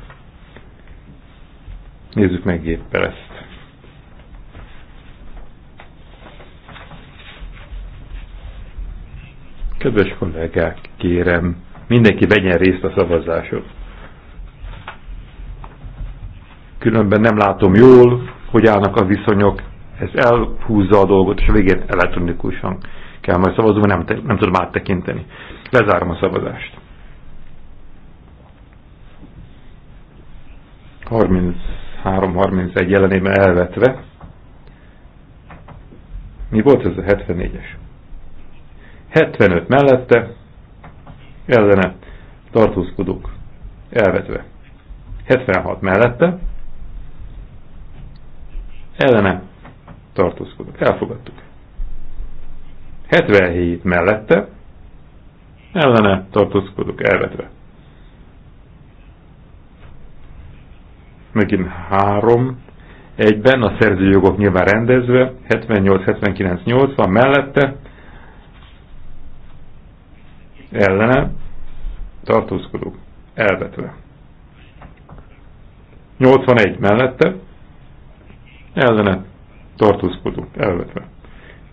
Nézzük meg éppen ezt. Kedves kollégák, kérem, mindenki vegyen részt a szavazáson. Különben nem látom jól, hogy állnak a viszonyok, ez elhúzza a dolgot, és a végén elektronikusan kell majd szavazni, mert nem, te, nem tudom áttekinteni. Lezárom a szavazást. 33-31 jelenében elvetve. Mi volt ez a 74-es? 75 mellette, ellene tartózkodók elvetve. 76 mellette ellene tartózkodók elfogadtuk. 77 mellette ellene tartózkodók elvetve. Megint 3 egyben a szerzőjogok nyilván rendezve, 78, 79, 80 mellette ellene tartózkodók elvetve. 81 mellette ellene tartózkodók elvetve.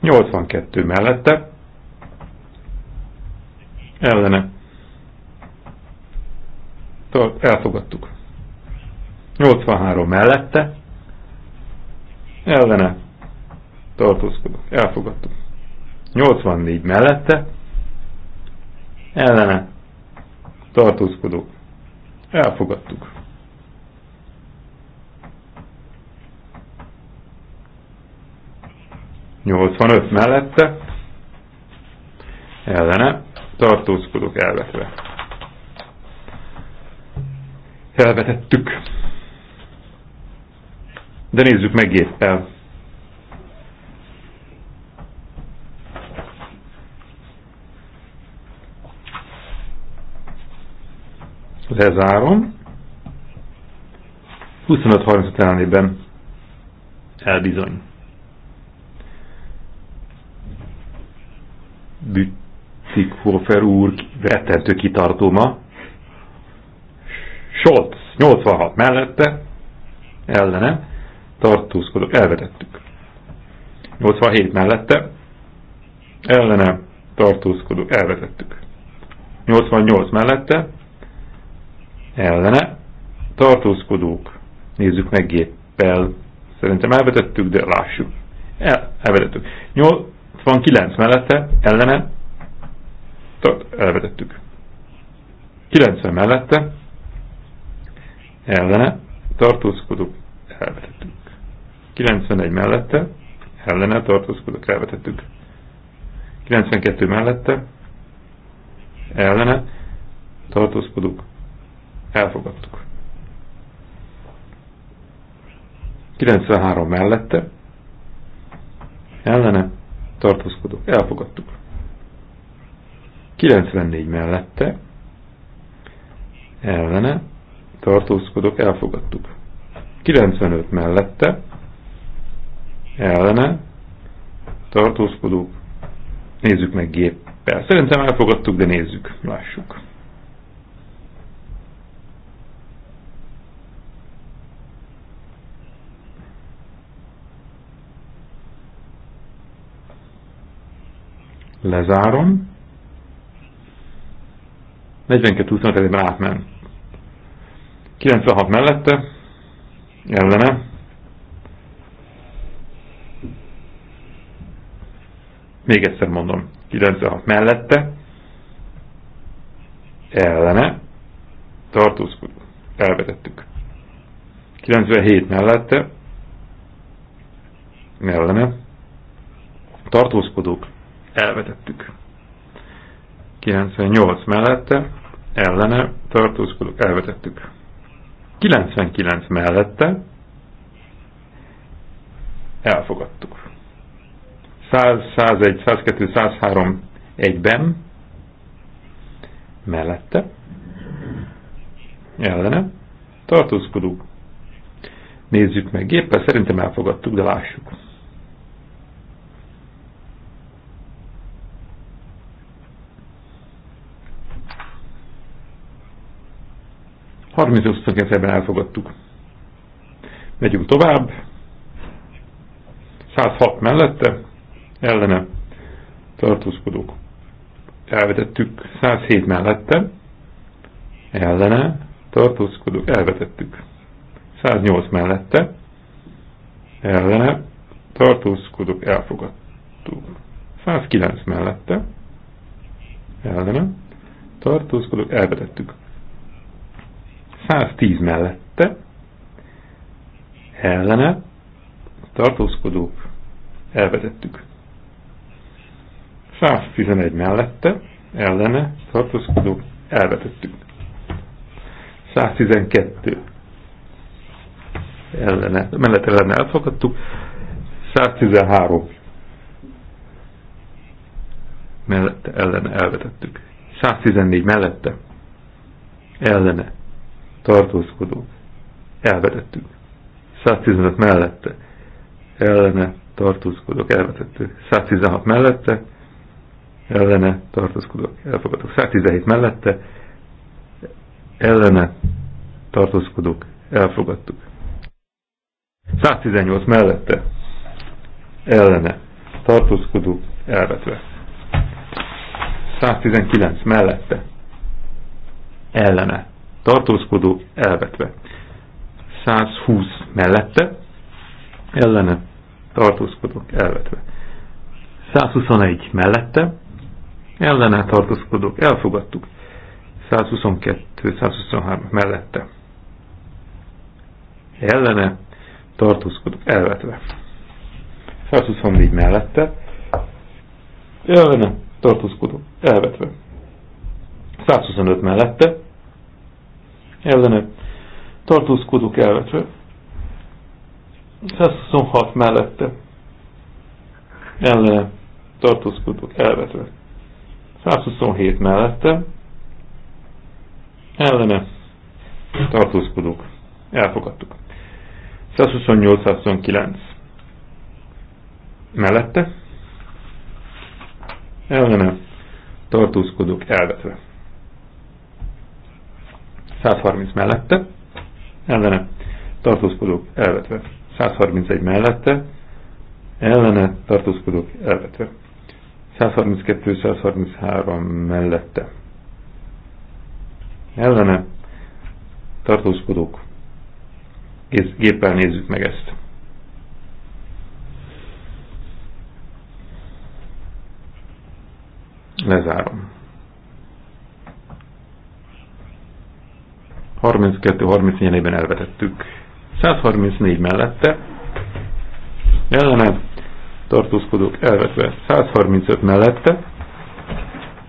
82 mellette ellene elfogadtuk. 83 mellette ellene tartózkodók elfogadtuk. 84 mellette ellene tartózkodók elfogadtuk. Nyolcvanöt mellette ellene tartózkodók elvetve. Elvetettük. De nézzük meg éppen. Lezárom. 25-35 ellenében elbizony. Bütikhofer úr rettentő kitartóma. Scholz 86 mellette, ellene, tartózkodok, elvetettük. 87 mellette, ellene, tartózkodok, elvetettük. 88 mellette, ellene tartózkodók. Nézzük meg géppel. Szerintem elvetettük, de lássuk. El, elvetettük. 89 mellette ellene tart, elvetettük. 90 mellette ellene tartózkodók elvetettük. 91 mellette ellene tartózkodók elvetettük. 92 mellette ellene tartózkodók elfogadtuk. 93 mellette, ellene, tartózkodok, elfogadtuk. 94 mellette, ellene, tartózkodok, elfogadtuk. 95 mellette, ellene, tartózkodók, nézzük meg géppel. Szerintem elfogadtuk, de nézzük, lássuk. lezárom. 42-25 ezében átment. 96 mellette, ellene. Még egyszer mondom, 96 mellette, ellene, tartózkodó, elvetettük. 97 mellette, ellene, tartózkodók, elvetettük. 98 mellette, ellene tartózkodók elvetettük. 99 mellette elfogadtuk. 100, 101, 102, 103 egyben mellette ellene tartózkodók. Nézzük meg géppel, szerintem elfogadtuk, de lássuk. 32 ben elfogadtuk. Megyünk tovább. 106 mellette, ellene tartózkodók. Elvetettük 107 mellette, ellene tartózkodók. Elvetettük 108 mellette, ellene tartózkodók. Elfogadtuk 109 mellette, ellene tartózkodók. Elvetettük 110 mellette, ellene, tartózkodók, elvezettük. 111 mellette, ellene, tartózkodók, elvezettük. 112 ellene, mellette ellene elfogadtuk, 113 mellette ellene elvetettük. 114 mellette ellene tartózkodók, elvetettük. 115 mellette, ellene tartózkodók, elvetettük. 116 mellette, ellene tartózkodók, elfogadtuk. 117 mellette, ellene tartózkodók, elfogadtuk. 118 mellette, ellene tartózkodók, elvetve. 119 mellette, ellene tartózkodó elvetve. 120 mellette, ellene tartózkodók elvetve. 121 mellette, ellene tartózkodók elfogadtuk. 122-123 mellette. Ellene tartózkodók elvetve. 124 mellette, ellene tartózkodók elvetve. 125 mellette, ellene tartózkodók elvetve, 126 mellette ellene tartózkodók elvetve, 127 mellette ellene tartózkodók elfogadtuk. 128-129 mellette ellene tartózkodók elvetve. 128-129 130 mellette, ellene tartózkodók elvetve. 131 mellette, ellene tartózkodók elvetve. 132-133 mellette. Ellene tartózkodók. Géppel nézzük meg ezt. Lezárom. 32-34 ben elvetettük. 134 mellette ellene tartózkodók elvetve 135 mellette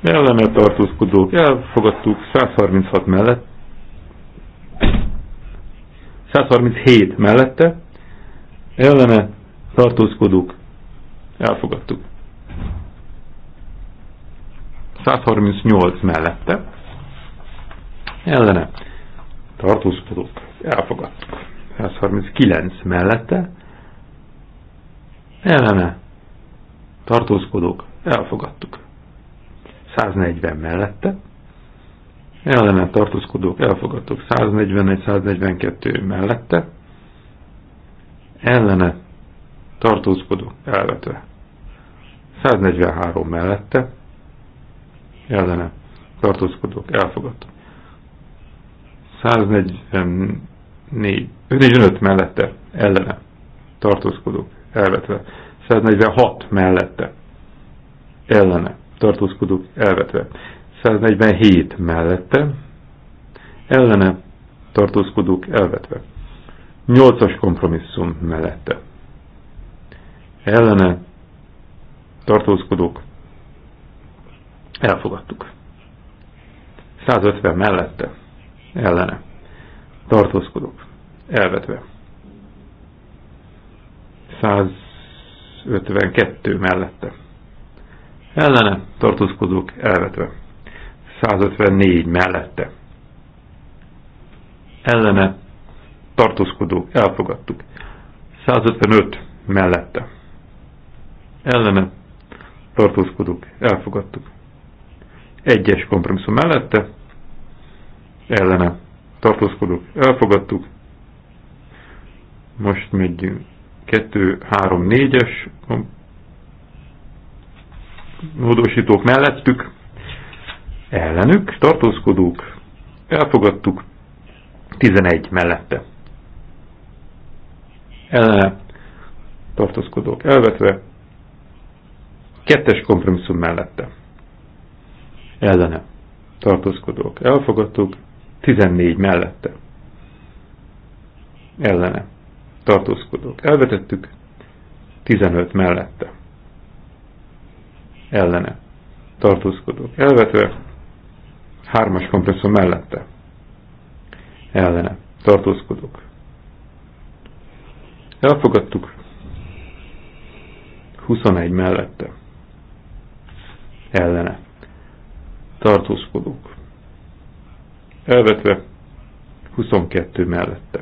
ellene tartózkodók elfogadtuk 136 mellett 137 mellette ellene tartózkodók elfogadtuk 138 mellette ellene tartózkodók elfogadtuk. 139 mellette ellene tartózkodók elfogadtuk. 140 mellette ellene tartózkodók elfogadtuk. 141-142 mellette ellene tartózkodók elvetve. 143 mellette ellene tartózkodók elfogadtuk. 145 mellette ellene tartózkodók elvetve, 146 mellette ellene tartózkodók elvetve, 147 mellette ellene tartózkodók elvetve, 8-as kompromisszum mellette ellene tartózkodók elfogadtuk. 150 mellette ellene Tartózkodok. elvetve. 152 mellette ellene Tartózkodok. elvetve. 154 mellette ellene tartózkodók elfogadtuk. 155 mellette ellene tartózkodók elfogadtuk. Egyes kompromisszum mellette ellene tartózkodok. elfogadtuk. Most megyünk 2-3-4-es módosítók mellettük, ellenük tartózkodók elfogadtuk 11 mellette. Ellene tartózkodók elvetve, kettes kompromisszum mellette. Ellene tartózkodók elfogadtuk, 14 mellette. Ellene. Tartózkodók. Elvetettük. 15 mellette. Ellene. Tartózkodók. Elvetve. as kompresszor mellette. Ellene. Tartózkodók. Elfogadtuk. 21 mellette. Ellene. Tartózkodók elvetve 22 mellette.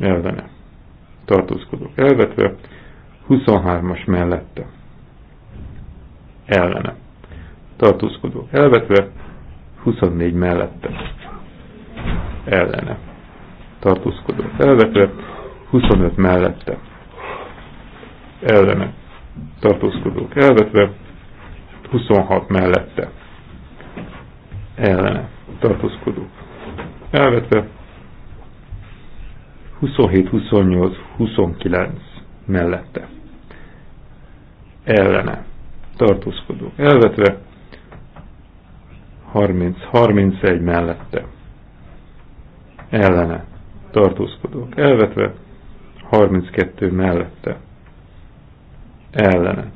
Elvene. Tartózkodók elvetve 23-as mellette. Ellene. Tartózkodók elvetve 24 mellette. Ellene. Tartózkodók elvetve 25 mellette. Ellene. Tartózkodók elvetve 26 mellette ellene tartózkodók elvetve 27, 28, 29 mellette ellene tartózkodók elvetve 30, 31 mellette ellene tartózkodók elvetve 32 mellette ellene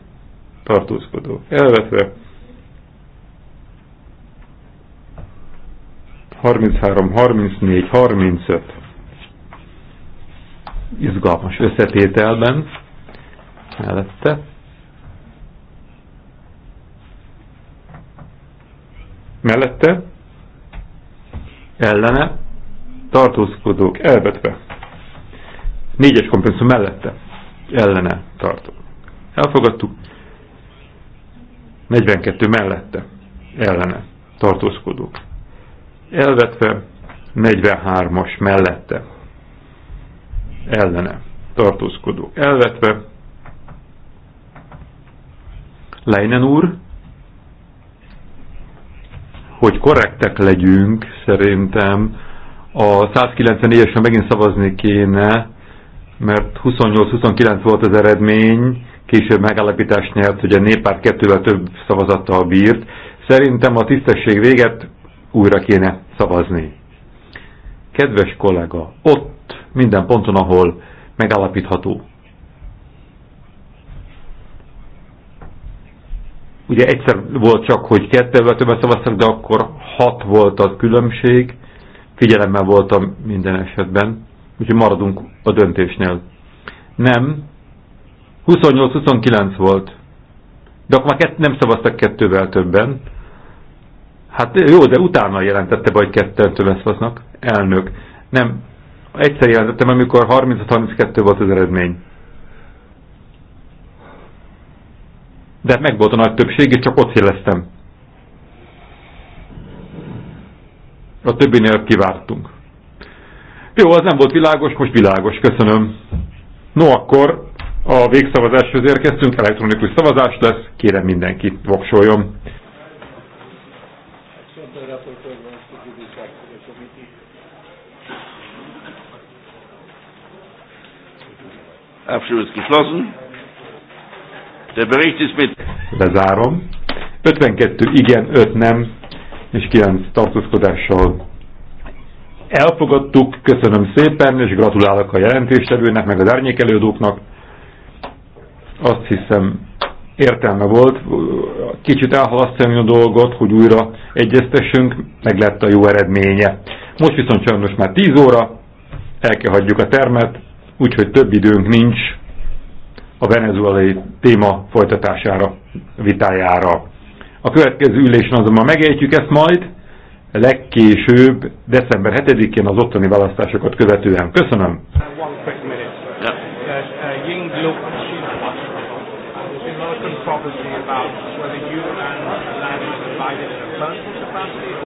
tartózkodók elvetve 33, 34, 35 izgalmas összetételben mellette. Mellette ellene tartózkodók elvetve. Négyes kompromisszum mellette ellene tartó. Elfogadtuk. 42 mellette ellene tartózkodók elvetve 43-as mellette ellene tartózkodó. elvetve Leinen úr hogy korrektek legyünk szerintem a 194-esen megint szavazni kéne mert 28-29 volt az eredmény később megállapítást nyert, hogy a néppárt kettővel több szavazattal bírt. Szerintem a tisztesség véget újra kéne szavazni. Kedves kollega, ott, minden ponton, ahol megállapítható. Ugye egyszer volt csak, hogy kettővel többet szavaztak, de akkor hat volt a különbség, figyelemmel voltam minden esetben, úgyhogy maradunk a döntésnél. Nem, 28-29 volt, de akkor már nem szavaztak kettővel többen, Hát jó, de utána jelentette be, hogy lesz tömeszfasznak. Elnök. Nem, egyszer jelentettem, amikor 30 32 volt az eredmény. De meg volt a nagy többség, és csak ott jeleztem. A többinél kivártunk. Jó, az nem volt világos, most világos, köszönöm. No, akkor a végszavazáshoz érkeztünk, elektronikus szavazás lesz, kérem mindenki voksoljon. Abschluss geschlossen. Der Bericht ist mit... Bezárom. 52 igen, 5 nem, és 9 tartózkodással elfogadtuk. Köszönöm szépen, és gratulálok a jelentéstevőnek, meg az árnyékelődóknak. Azt hiszem, értelme volt. Kicsit elhalasztani a dolgot, hogy újra egyeztessünk, meg lett a jó eredménye. Most viszont sajnos már 10 óra, el kell hagyjuk a termet, úgyhogy több időnk nincs a venezuelai téma folytatására, vitájára. A következő ülésen azonban megejtjük ezt majd, legkésőbb december 7-én az ottani választásokat követően. Köszönöm! Yeah. Uh, uh,